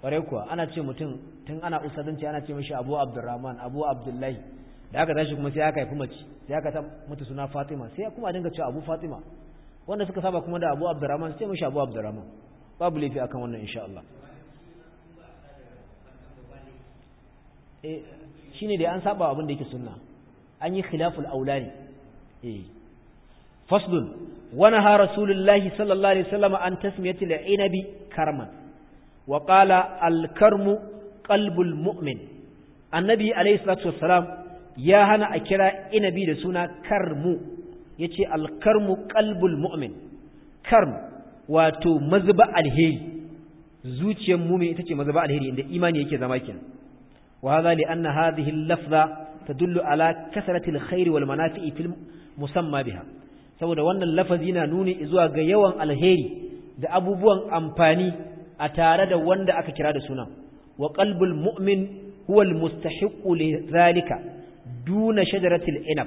kwarai kuwa ana ce mutum tun ana usadanci ana ce mishi abu abdurrahman abu abdullahi da aka tashi kuma sai aka haifi mace sai aka ta mutu suna fatima sai kuma a dinga cewa abu fatima wanda suka saba kuma da abu abdurrahman sai mishi abu abdurrahman babu laifi akan wannan insha Allah Eh, shine da an saba abin da yake sunna an yi khilaful aulani eh faslun wa naha rasulullahi sallallahu alaihi wasallam an tasmiyati al-inabi karman wa qala al-karmu qalbul mu'min annabi alaihi salatu wassalam ya hana a kira inabi da suna karmu yace al-karmu qalbul mu'min karm wato mazuba alheri zuciyar mumin ita ce mazuba alheri inda imani yake zama kenan وهذا لأن هذه اللفظة تدل على كثرة الخير والمنافع في المسمى بها saboda wannan lafazi na nuni zuwa ga yawan alheri da abubuwan amfani a tare da wanda aka kira da sunan wa qalbul mu'min huwa almustahiqu zalika, duna shajaratil inab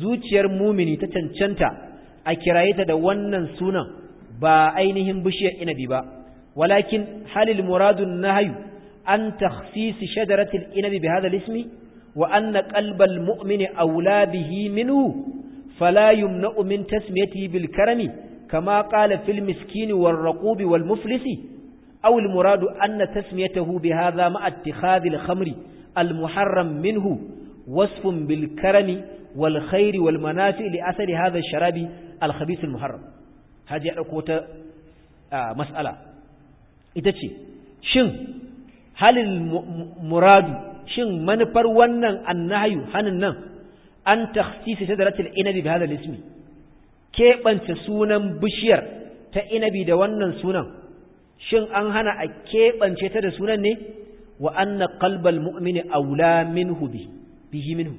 zuciyar mumini ta cancanta a kiraye ta da wannan sunan ba ainihin bishiyar inabi ba walakin halil muradun nahyu an takhsis shajaratil inabi bi hadha al-ismi wa anna qalbal mu'mini awla bihi minhu fala yumna'u umin tasmiyatihi bilkarami? karami kama qala fil miskin wal walmuflisi? wal muflisi aw al muradu anna tasmiyatahu bi hadha ma ittikhadhi al khamri al muharram minhu wasfun bil karami wal khairi wal manafi li athari hadha sharabi al khabith al muharram hadi ya dauko mas'ala ita ce shin Halin muradu shin manufar wannan annahayu, hanin nan an takhsisi sadratil inabi bi hadha ismi keɓance sunan bishiyar ta inabi da wannan sunan shin an hana a keɓance ta da sunan ne wa anna qalbal mu'mini aula minhu bi bihi minhu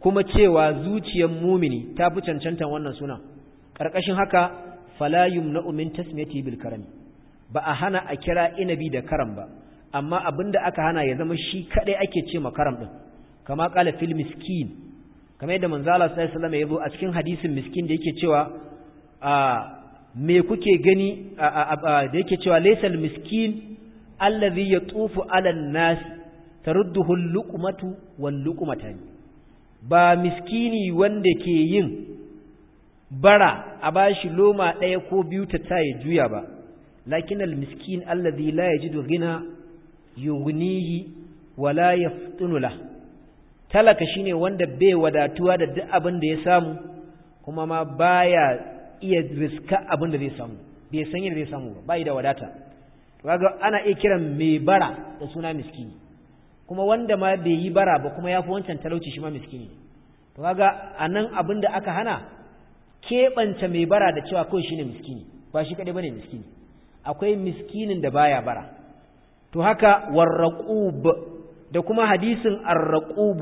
kuma cewa zuciyar mumini ta fi cancanta wannan sunan karkashin haka fala yumna'u min tasmiyati bil karami ba a hana a kira inabi da karam ba amma abinda aka hana ya zama shi kaɗai ake ce makaram din kama qala fil miskin kamar yadda manzo Allah sallallahu alaihi ya zo a cikin hadisin miskin da yake cewa a me kuke gani da yake cewa laysal miskin allazi yatufu ala an-nas tarudduhu al-luqmatu wal-luqmatani ba miskini wanda ke yin bara a bashi loma ɗaya ko biyu ta ta ya juya ba lakin al-miskin allazi la yajidu ghina yughnihi wala yaftunu la talaka shine wanda bai wadatuwa da duk abin da ya samu kuma ma baya iya riska abin da zai samu bai san yadda zai samu ba bai da wadata kaga ana iya kiran mai bara da suna miskini kuma wanda ma bai yi bara ba kuma yafi wancan talauci shi ma miskini to kaga anan abin da aka hana keɓance mai bara da cewa kawai shine miskini ba shi kaɗai bane miskini akwai miskinin da baya bara to haka warraqub da kuma hadisin arraqub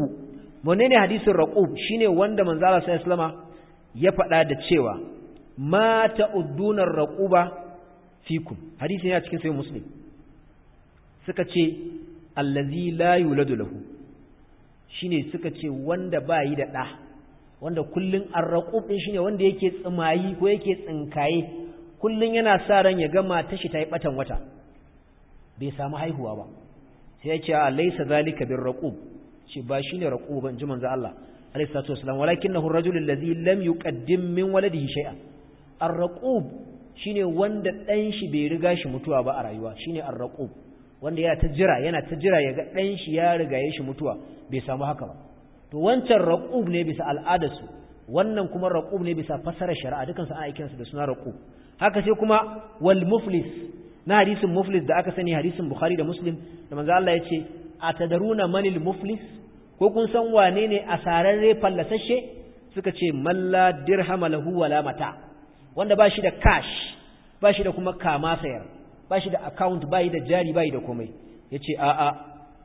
wanne ne hadisin raqub shine wanda manzo Allah sallallahu ya faɗa da cewa ma ta'udduna raquba fikum hadisin ya cikin sahih muslim suka ce allazi la yuladu lahu shine suka ce wanda ba yi da da wanda kullun arraqub din shine wanda yake tsimayi ko yake tsinkaye kullun yana sa ran ya ga mata shi ta yi batan wata bai samu haihuwa ba sai yake a laisa zalika bir raqub ce ba shine raqub ban ji manzo Allah alayhi salatu wasalam walakinahu ar-rajul alladhi lam yuqaddim min waladihi shay'a ar-raqub shine wanda dan shi bai riga shi mutuwa ba a rayuwa shine ar-raqub wanda yana ta jira yana ta jira ya ga dan shi ya riga ya shi mutuwa bai samu haka ba to wancan raqub ne bisa al'adarsu wannan kuma raqub ne bisa fasarar shari'a dukansu an aikin su da suna raqub haka sai kuma wal muflis na hadisin muflis da aka sani hadisin bukhari da muslim da manzo Allah ya ce atadaruna manil muflis ko kun san wane ne asararre fallasashe suka ce malla dirhama lahu wala mata wanda ba shi da cash ba shi da kuma kama sayar ba shi da account ba da jari ba da komai yace ce a'a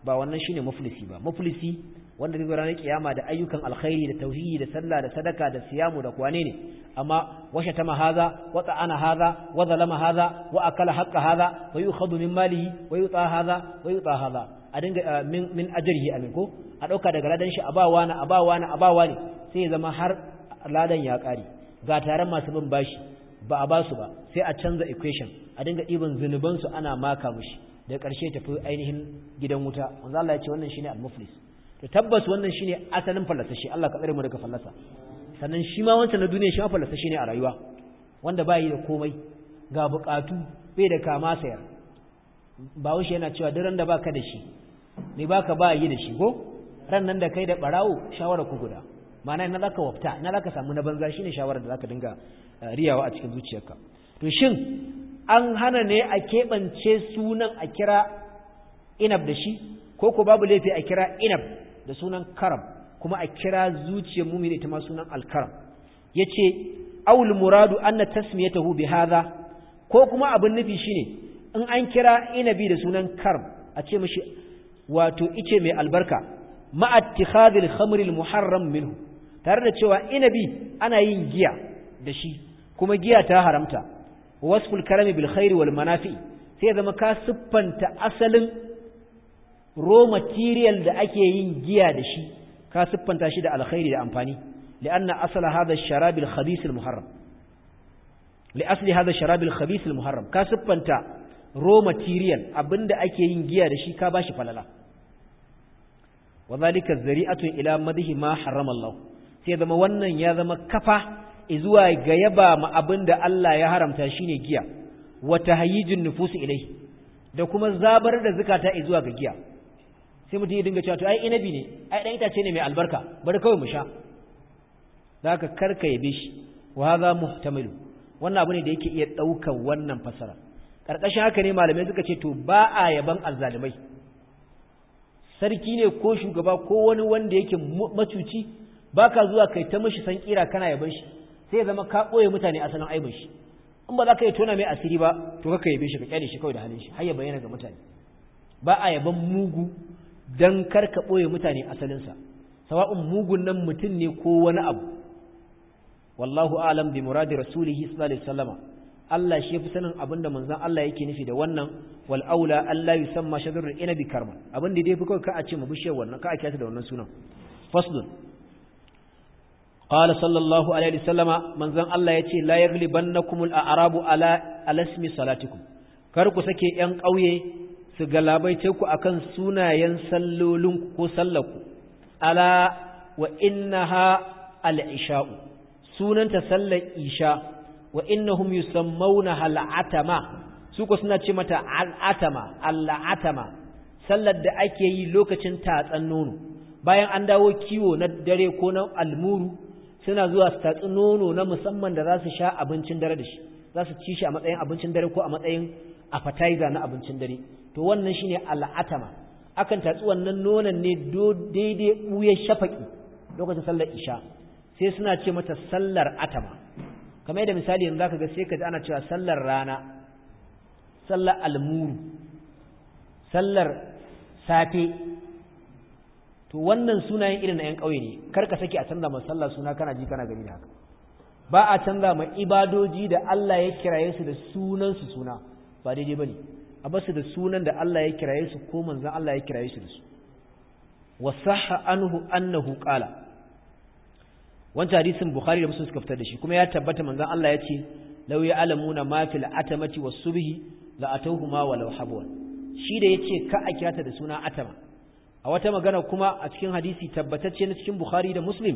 ba wannan shine muflisi ba muflisi wanda zai zo ranar kiyama da ayyukan alkhairi da tauhidi da sallah da sadaka da siyamu da kwane ne amma washa tama haza wa ta'ana haza wa zalama haza wa akala haqqa haza wa yukhadu min malihi wa yuta haza wa yuta haza a dinga min min ajrihi amin ko a dauka daga ladan shi abawa na abawa na abawa ne sai ya zama har ladan ya kare ga taron masu bin bashi ba a basu ba sai a canza equation a dinga ibin zunubansu ana maka mushi da ƙarshe tafi ainihin gidan wuta manzo Allah ya ce wannan shine al-muflis to tabbas wannan shine asalin fallasashe. Allah ka tsare mu daga fallasa sannan shi ma wancan na duniya shi ma ne a rayuwa wanda bai da komai ga bukatu bai da kama sayar ba wuce yana cewa duk da baka da shi me baka ba yi da shi ko ran nan da kai da barawo shawara ku guda ma'ana na zaka wafta na zaka samu na banza shine shawara da zaka dinga eh, riyawa a cikin zuciyarka to shin an hana ne a keɓance sunan a kira inab da shi ko ko babu laifi a kira inab da sunan karam kuma a kira zuciyar mumin ita ma sunan alkaram yace awul muradu anna tasmiyatahu bi haza ko kuma abin nufi shine in an kira inabi da sunan karam a ce mashi wato ice mai albarka ma ittikhadhil khamril muharram minhu tare da cewa inabi ana yin giya da shi kuma giya ta haramta wasful karami bil khairi wal manafi sai zama ka siffanta asalin raw material da ake yin giya da shi ka siffanta shi da alkhairi da amfani li'anna asala hadha ash-sharab al-khabith al-muharram li asli hadha sharab al-khabith al-muharram ka siffanta raw material abinda ake yin giya da shi ka bashi falala wa zalika zari'atu ila madhi ma harrama Allah sai zama wannan ya zama kafa zuwa ga yaba ma abinda Allah ya haramta shine giya wa tahayyijun nufus ilai da kuma zabar da zakata zuwa ga giya sai mutum ya dinga cewa to ai inabi ne ai dan itace ne mai albarka bari kawai mu sha zaka karka yabe shi wa hadha muhtamil wannan abu ne da yake iya daukar wannan fasara karkashin haka ne malamai suka ce to ba a yaban azzalimai sarki ne ko shugaba ko wani wanda yake macuci baka zuwa kai ta mishi san kira kana yaban shi sai zama ka koye mutane asalin aibin shi in ba za ka yi tona mai asiri ba to kaka yabe shi ka kyale shi kawai da halin shi har ya bayyana ga mutane ba a yaban mugu don karka ɓoye mutane asalinsa sawa'un mugun nan mutum ne ko wani abu wallahu alam bi muradi rasulihi sallallahu alaihi wasallama Allah shi yafi sanin abinda manzon Allah yake nufi da wannan wal aula Allah yusamma shajarul inabi karma abin da dai fi kawai ka a ce mu bishiyar wannan ka a kiyata da wannan sunan Fasdun. qala sallallahu alaihi wasallama manzon Allah yace la yaghlibannakumul a'rabu ala ala ismi salatikum kar ku sake yan ƙauye su galabaice ku akan sunayen ku ko sallaku ala wa innaha al-isha'u sunanta sallar isha wa innahum yusammawna al-atama su ko suna ce mata al-atama al-atama sallar da ake yi lokacin tatsan nono bayan an dawo kiwo na dare ko na almuru suna zuwa su tatsi nono na musamman da za su sha abincin dare da shi za su ci shi a matsayin abincin dare ko a matsayin appetizer na abincin dare to wannan shine al'atama akan tatsi wannan nonon ne daidai ɓuyar shafaƙi lokacin sallar isha sai suna ce mata sallar atama kamar yadda misali yanzu zaka ga sai ka ji ana cewa sallar rana sallar almuru sallar safe to wannan sunayen irin na 'yan ƙauye ne kar ka sake a canza ma sallar suna kana ji kana gani da haka ba a canza ma ibadoji da Allah ya kiraye su da sunansu suna ba daidai ba ne a basu da sunan da Allah ya kiraye su ko manzan Allah ya kiraye su da su wa anhu annahu qala wancan hadisin bukhari da muslim suka fitar da shi kuma ya tabbata manzan Allah ya ce law ya'lamuna ma fil atamati was subhi la atawhuma walau habwan shi da yace ka a kirata da suna atama a wata magana kuma a cikin hadisi tabbatacce na cikin bukhari da muslim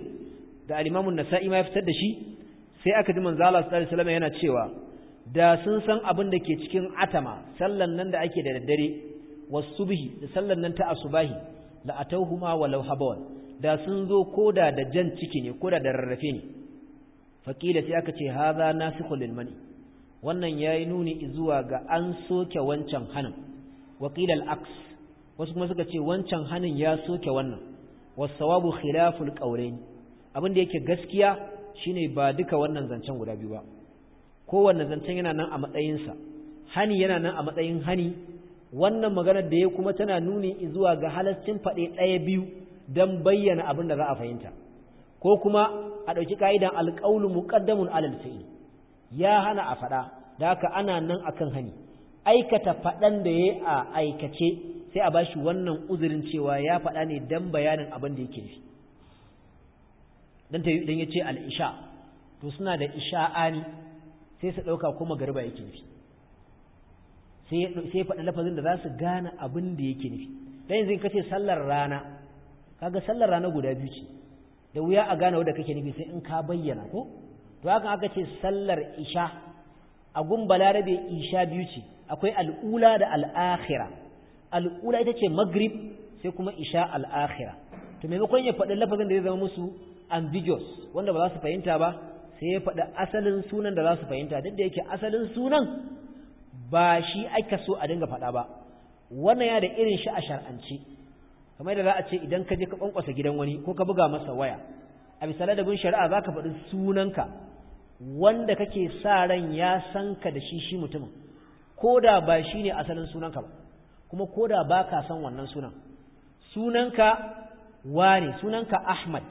da al an-nasa'i ma ya fitar da shi sai aka ji manzon sallallahu alaihi wasallam yana cewa da sun san abin da ke cikin atama sallan nan da ake da daddare wasubhi da sallan nan ta asubahi la atawhuma walau habawan da sun zo koda da jan ciki ne koda da rarrafe ne faqila sai aka ce hadha nasikhul lilmani wannan yayi nuni zuwa ga an soke wancan hanin waqila al-aks wasu kuma suka ce wancan hanin ya soke wannan wasawabu khilaful qawlain abin da yake gaskiya shine ba duka wannan zancen guda biyu ba kowanne zancen yana nan a matsayinsa hani yana nan a matsayin hani wannan maganar da ya kuma tana nuni zuwa ga halascin faɗe ɗaya biyu don bayyana abin da za a fahimta ko kuma a ɗauki ka'idan alƙaulu muqaddamun alal fi'l ya hana a faɗa da haka ana nan a kan hani aikata faɗan da ya a aikace sai a bashi wannan uzurin cewa ya faɗa ne don bayanin abin da yake fi dan ta dan yace al-isha to suna da isha'ani sai su ɗauka kuma Garba yake nufi sai faɗi lafazin da za su gane abin da yake nufi dan yanzu kace sallar rana kaga sallar rana guda biyu ce da wuya a gane wanda kake nufi sai in ka bayyana ko to haka aka ce sallar isha a gun balarabe isha biyu ce akwai al'ula da al'akhira al'ula ita ce maghrib sai kuma isha al'akhira to maimakon ya faɗi lafazin da zai zama musu ambiguous wanda ba za su fahimta ba sai ya faɗi asalin sunan da za su fahimta duk da yake asalin sunan ba shi aka so a dinga faɗa ba wannan ya da irin shi a shar'ance kamar da za a ce idan ka je ka ƙwanƙwasa gidan wani ko ka buga masa waya a bisa ladabin shari'a za ka faɗi sunanka wanda kake sa ran ya san ka da shi shi mutumin ko da ba shi ne asalin sunanka ba kuma ko da ba ka san wannan sunan sunanka wane sunanka ahmad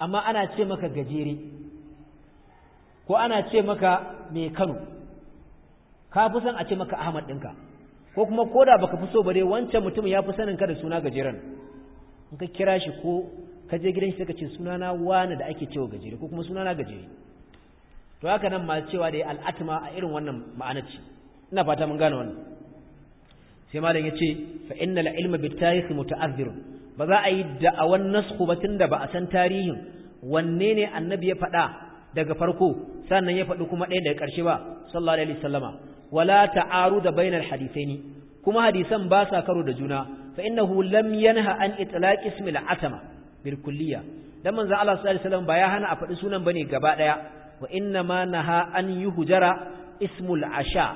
amma ana ce maka gajere ko ana ce maka mai Kano ka fi son a ce maka Ahmad ɗinka ko kuma ko da baka fi so ba bare wancan mutum ya fi sanin ka da suna gajeren in ka kira shi ko ka je gidan shi ka ce sunana wani da ake cewa gajere ko kuma sunana gajere to haka nan ma cewa da al'atma a irin wannan ma'anar ce ina fata mun gane wannan sai malam ya ce fa innal ilma bit tarikh muta'azzir ba za a yi da'awan nasku ba tunda ba a san tarihin wanne ne annabi ya faɗa daga farko sannan ya faɗi kuma ɗaya daga ƙarshe ba sallallahu alaihi wasallama wala ta'aruda bainal hadithaini kuma hadisan ba sa karo da juna fa innahu lam yanha an itlaq ismil atama bil kulliya dan manzo Allah sallallahu alaihi wasallam ba ya hana a faɗi sunan bane gaba ɗaya wa inna ma naha an yuhjara ismul asha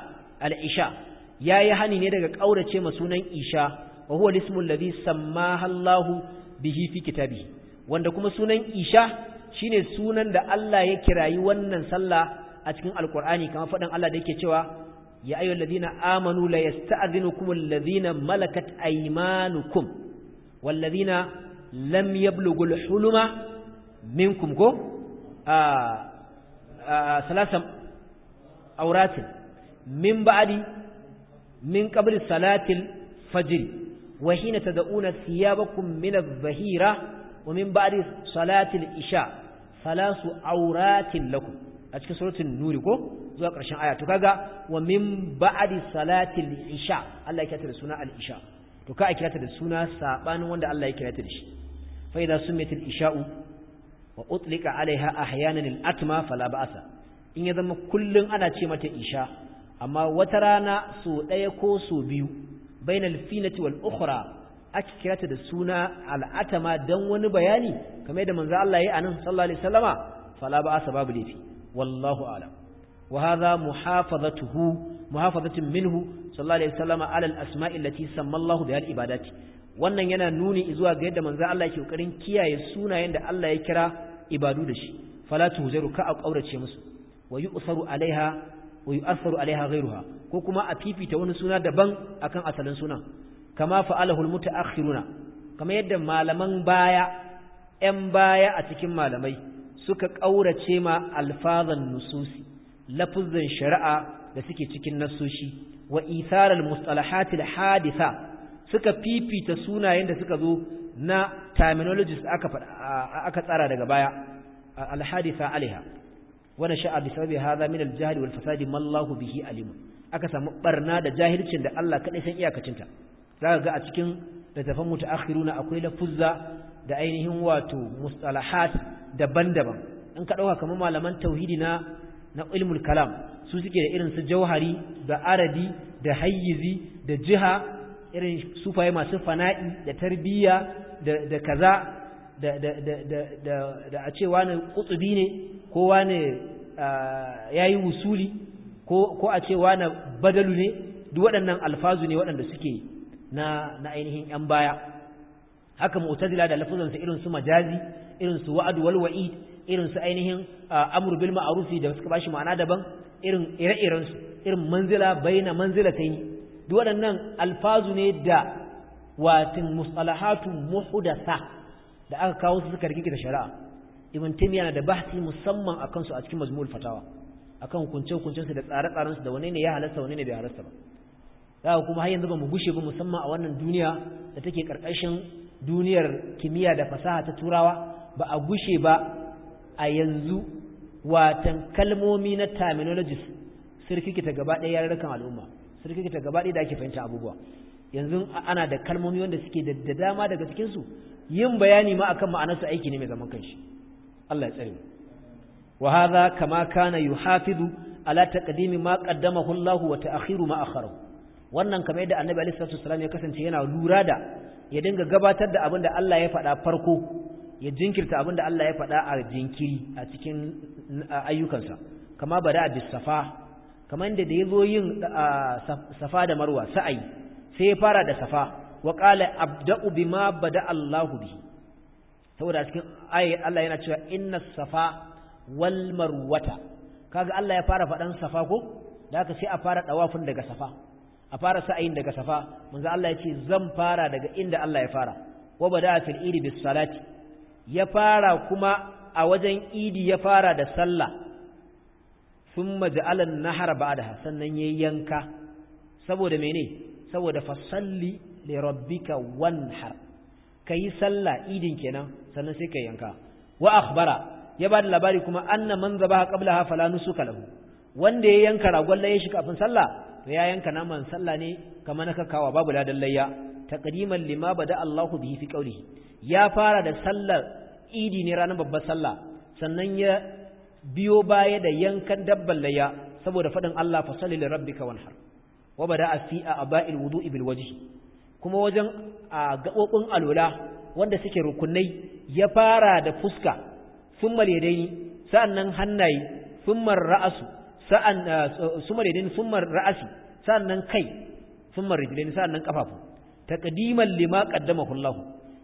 al isha yayi hani ne daga ƙaurace ma sunan isha wa huwa ismul ladhi sammaha bihi fi kitabihi wanda kuma sunan isha shine sunan da Allah ya kirayi wannan sallah a cikin alkur'ani kamar faɗin Allah da yake cewa ya ayyuhal ladina amanu la yasta'dhinukum alladhina malakat aymanukum wal ladina lam yablughul huluma minkum ko a salasan auratin min ba'di min qabli salatil fajr وحين تدعون ثيابكم من الظهيرة min بعد صلاة isha. su auratin lakum a cikin suratun nuri ko zuwa ƙarshen aya to kaga wa min ba'di salatil isha Allah ya kira da suna al isha to ka kira da suna sabanin wanda Allah ya kira da shi fa idza sumiyatil isha'u wa utlika alaiha ahyanan al atma fala ba'asa in ya zama kullun ana ce mata isha amma wata rana so daya ko so biyu bainal finati wal ukhra aka kirata da suna al'atama don wani bayani kamar yadda manzo Allah ya yi a nan sallallahu alaihi wasallama fala ba asa babu lafi wallahu alam wa hadha muhafazatuhu muhafazatin minhu sallallahu alaihi wasallama ala al-asma'i allati samma Allah biha al-ibadati wannan yana nuni zuwa ga yadda manzo Allah yake kokarin kiyaye sunayen da Allah ya kira ibadu da shi fala tuhzaru ka a kaurace musu wa yu'saru alaiha wa yu'assaru alaiha ghayruha ko kuma a fifita wani suna daban akan asalin sunan kama fa'alahu almutaakhiruna kama yadda malaman baya ƴan baya a cikin malamai suka ƙaurace ma alfazan nususi lafuzan shari'a da suke cikin nassoshi wa itharal mustalahatil hadisa suka fifita sunayen da suka zo na terminologies aka aka tsara daga baya al aliha alaiha wa nasha'a bi sababi hadha min al jahl wal ma bihi alim aka samu barna da jahilcin da Allah kadai san iyakacinta za ga a cikin littafan na akwai lafuzza da ainihin wato mustalahat daban-daban in ka ɗauka kamar malaman tauhidi na na ilmul kalam su suke da irin su jauhari da aradi da hayyizi da jiha irin sufaye masu fana'i da tarbiyya da kaza da da da da da a ce wani kutsubi ne ko wani yayi wusuli ko ko a ce wani badalu ne duk waɗannan alfazu ne waɗanda suke na na ainihin yan baya haka mu'tazila da lafuzan su irin su majazi irin su wa'ad wal wa'id irin su ainihin amru bil ma'ruf da suka bashi ma'ana daban irin ire-iren su irin manzila baina manzilatayn duk waɗannan alfazu ne da watin musalahatu muhdatha da aka kawo su suka rikiki da shari'a ibn taymiya da bahsi musamman akan su a cikin mazmul fatawa akan kunce-kuncen su da tsare su da wane ne ya halasta wane ne bai halasta ba za kuma har yanzu bamu mu gushe ba musamman a wannan duniya da take karkashin duniyar kimiyya da fasaha ta turawa ba a gushe ba a yanzu watan kalmomi na terminologies sirkiki ta gaba ɗaya yarurrukan al'umma sirkiki ta gaba ɗaya da ake fahimta abubuwa yanzu ana da kalmomi wanda suke da dama daga cikin su yin bayani ma akan su aiki ne mai zaman kanshi Allah ya tsare mu wa hadha kama kana Yuhafidu, ala taqdimi ma qaddamahu Allah wa ta'khiru ma akharahu wannan kamar yadda annabi alaihi salatu wasallam ya kasance yana lura da ya dinga gabatar da abin da Allah ya faɗa farko ya jinkirta abin da Allah ya faɗa a jinkiri a cikin ayyukansa kama bada bis safa kamar yadda da yazo yin safa da marwa sa'ayi sai ya fara da safa wa qala abda'u bima bada Allahu bihi saboda cikin ayi Allah yana cewa inna safa wal marwata kaga Allah ya fara faɗan safa ko da haka sai a fara dawafin daga safa a fara sa'ayin daga safa manzo Allah ya ce zan fara daga inda Allah ya fara wa bada fil idi bis salati ya fara kuma a wajen idi ya fara da sallah thumma ja'ala an-nahar ba'daha sannan yayi yanka saboda mene saboda fasalli li rabbika wanhar kai sallah idin kenan sannan sai kai yanka wa akhbara ya bada labari kuma anna man zabaha qablaha fala nusuka lahu wanda ya yanka ragon ya shi kafin sallah to ya yanka naman sallah ne kamar na kakawa babu ladan layya taqdiman lima bada Allahu bihi fi qawlihi ya fara da sallar idi ne ranar babbar sallah sannan ya biyo baya da yankan dabban layya saboda fadin Allah fa salli li rabbika wanhar wa bada fi aba'il wudu'i bil wajh kuma wajen a gabobin alwala wanda suke rukunai ya fara da fuska thumma yadaini sa'annan hannaye thumma ra'asu sa'an ah, sumar sumar ra'asi sa'annan kai sumar rijlaini sa'annan kafafu takadiman lima qaddamahu Allah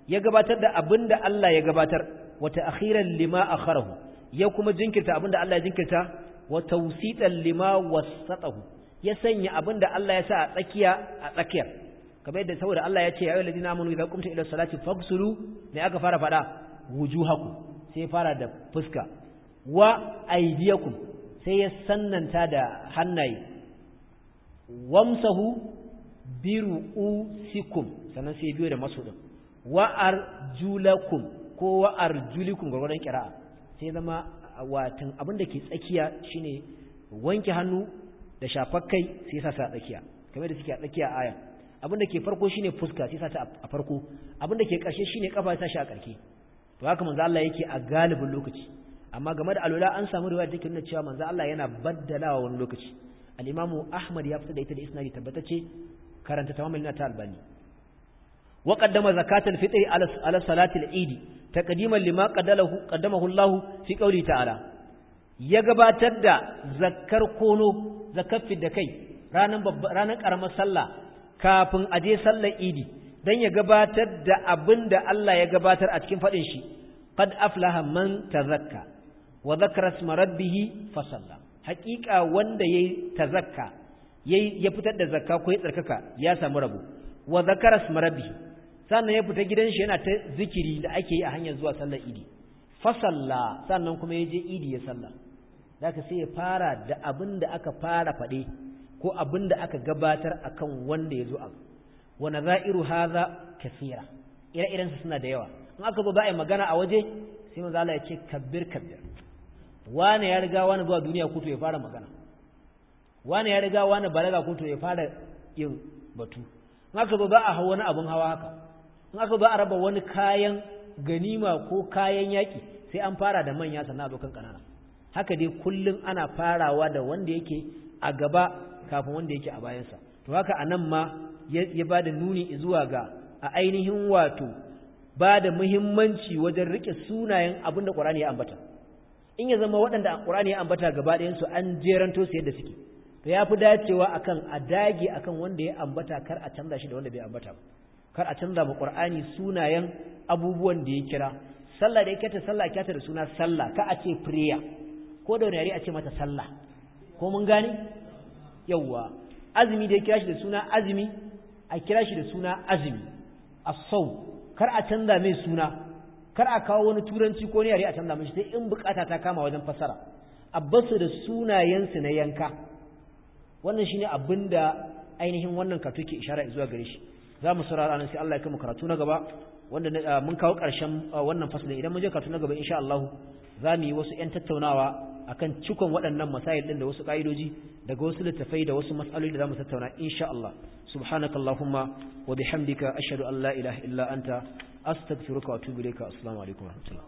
ya gabatar da abinda Allah ya gabatar wa ta'khiran lima kharahu ya kuma jinkirta abinda Allah ya jinkirta wa tawsitan lima wasatahu ya sanya abinda Allah ya sa a tsakiya a tsakiyar kamar yadda saboda Allah ya ce ya ayyuhallazina amanu idza qumtum ila salati faghsulu mai aka fara faɗa wujuhaku sai fara da fuska wa aydiyakum sai ya sannanta da hannaye wamsahu usikum sannan sai biyo da masudin wa arjulakum ko wa arjulikum gurgurdan kira'a sai zama watan abin da ke tsakiya shine wanke hannu da shafar kai sai ya sa tsakiya kamar da suke a tsakiya aya abin da ke farko shine fuska sai ya sa a farko abin da ke ƙarshe shine kafa ya sa shi a ƙarshe to haka manzo Allah yake a galibin lokaci amma game da alwala an samu riwaya take nuna cewa manzo Allah yana baddalawa wani lokaci al-imamu Ahmad ya fita da ita da isnadi tabbatace karanta tamamul na ta albani wa qaddama zakatul fitri ala ala al-eid taqdiman lima qaddalahu qaddamahu Allah fi qawli ta'ala ya gabatar da zakkar kono zakkar da kai ranan ranan karamar sallah kafin aje sallar idi dan ya gabatar da abinda Allah ya gabatar a cikin fadin shi qad aflaha man tazakka wa zakara isma rabbih fa salla haqiqa wanda yayi tazakka yayi ya fitar da zakka ko ya tsarkaka ya samu rabu wa zakara isma rabbih sannan ya fita gidan shi yana ta zikiri da ake yi a hanyar zuwa sallar idi Fasalla sannan kuma ya je idi ya salla zaka sai ya fara da abin da aka fara faɗe ko abin da aka gabatar a kan wanda ya zo a wa nazairu hadha kaseera ire-irensu suna da yawa in aka zo za a yi magana a waje sai manzo Allah ya ce kabbir kabbir wane ya riga wani zuwa duniya ko ya fara magana wane ya riga wani balaga ko ya fara yin batu in aka zo ba a hau wani abun hawa haka in aka zo a raba wani kayan ganima ko kayan yaki sai an fara da manya sannan abokan ƙanana haka dai kullum ana farawa da wanda yake a gaba kafin wanda yake a bayansa to haka a nan ma ya ba da nuni zuwa ga a ainihin wato ba da muhimmanci wajen riƙe sunayen abin da ƙwarani ya ambata in ya zama waɗanda Qur'ani ya ambata gaba ɗayan su an jeranto su yadda suke to ya fi dacewa akan a dage akan wanda ya ambata kar a canza shi da wanda bai ambata ba kar a canza ma ƙur'ani sunayen abubuwan da ya kira sallah da ya kyata sallah kyata da suna sallah ka a ce prayer ko da wani a ce mata sallah ko mun gane yawwa azumi da ya kira shi da suna azumi a kira shi da suna azumi a sau kar a canza mai suna kar a kawo wani turanci ko ne yare a canza mishi sai in bukata ta kama wajen fasara a basu da sunayensu na yanka wannan shine abin da ainihin wannan karatu ke ishara zuwa gare shi za mu saurara nan sai Allah ya kai mu karatu na gaba wanda ah, mun kawo ƙarshen ah, wannan fasalin idan mun je karatu na gaba insha Allah za mu yi wasu ƴan tattaunawa akan cikon waɗannan masail ɗin da wasu ƙa'idoji daga wasu littafai da wasu matsaloli da za mu tattauna insha Allah subhanakallahumma wa bihamdika ashhadu an la ilaha illa anta astaghfiruka wa atubu ilayka assalamu alaikum wa rahmatullah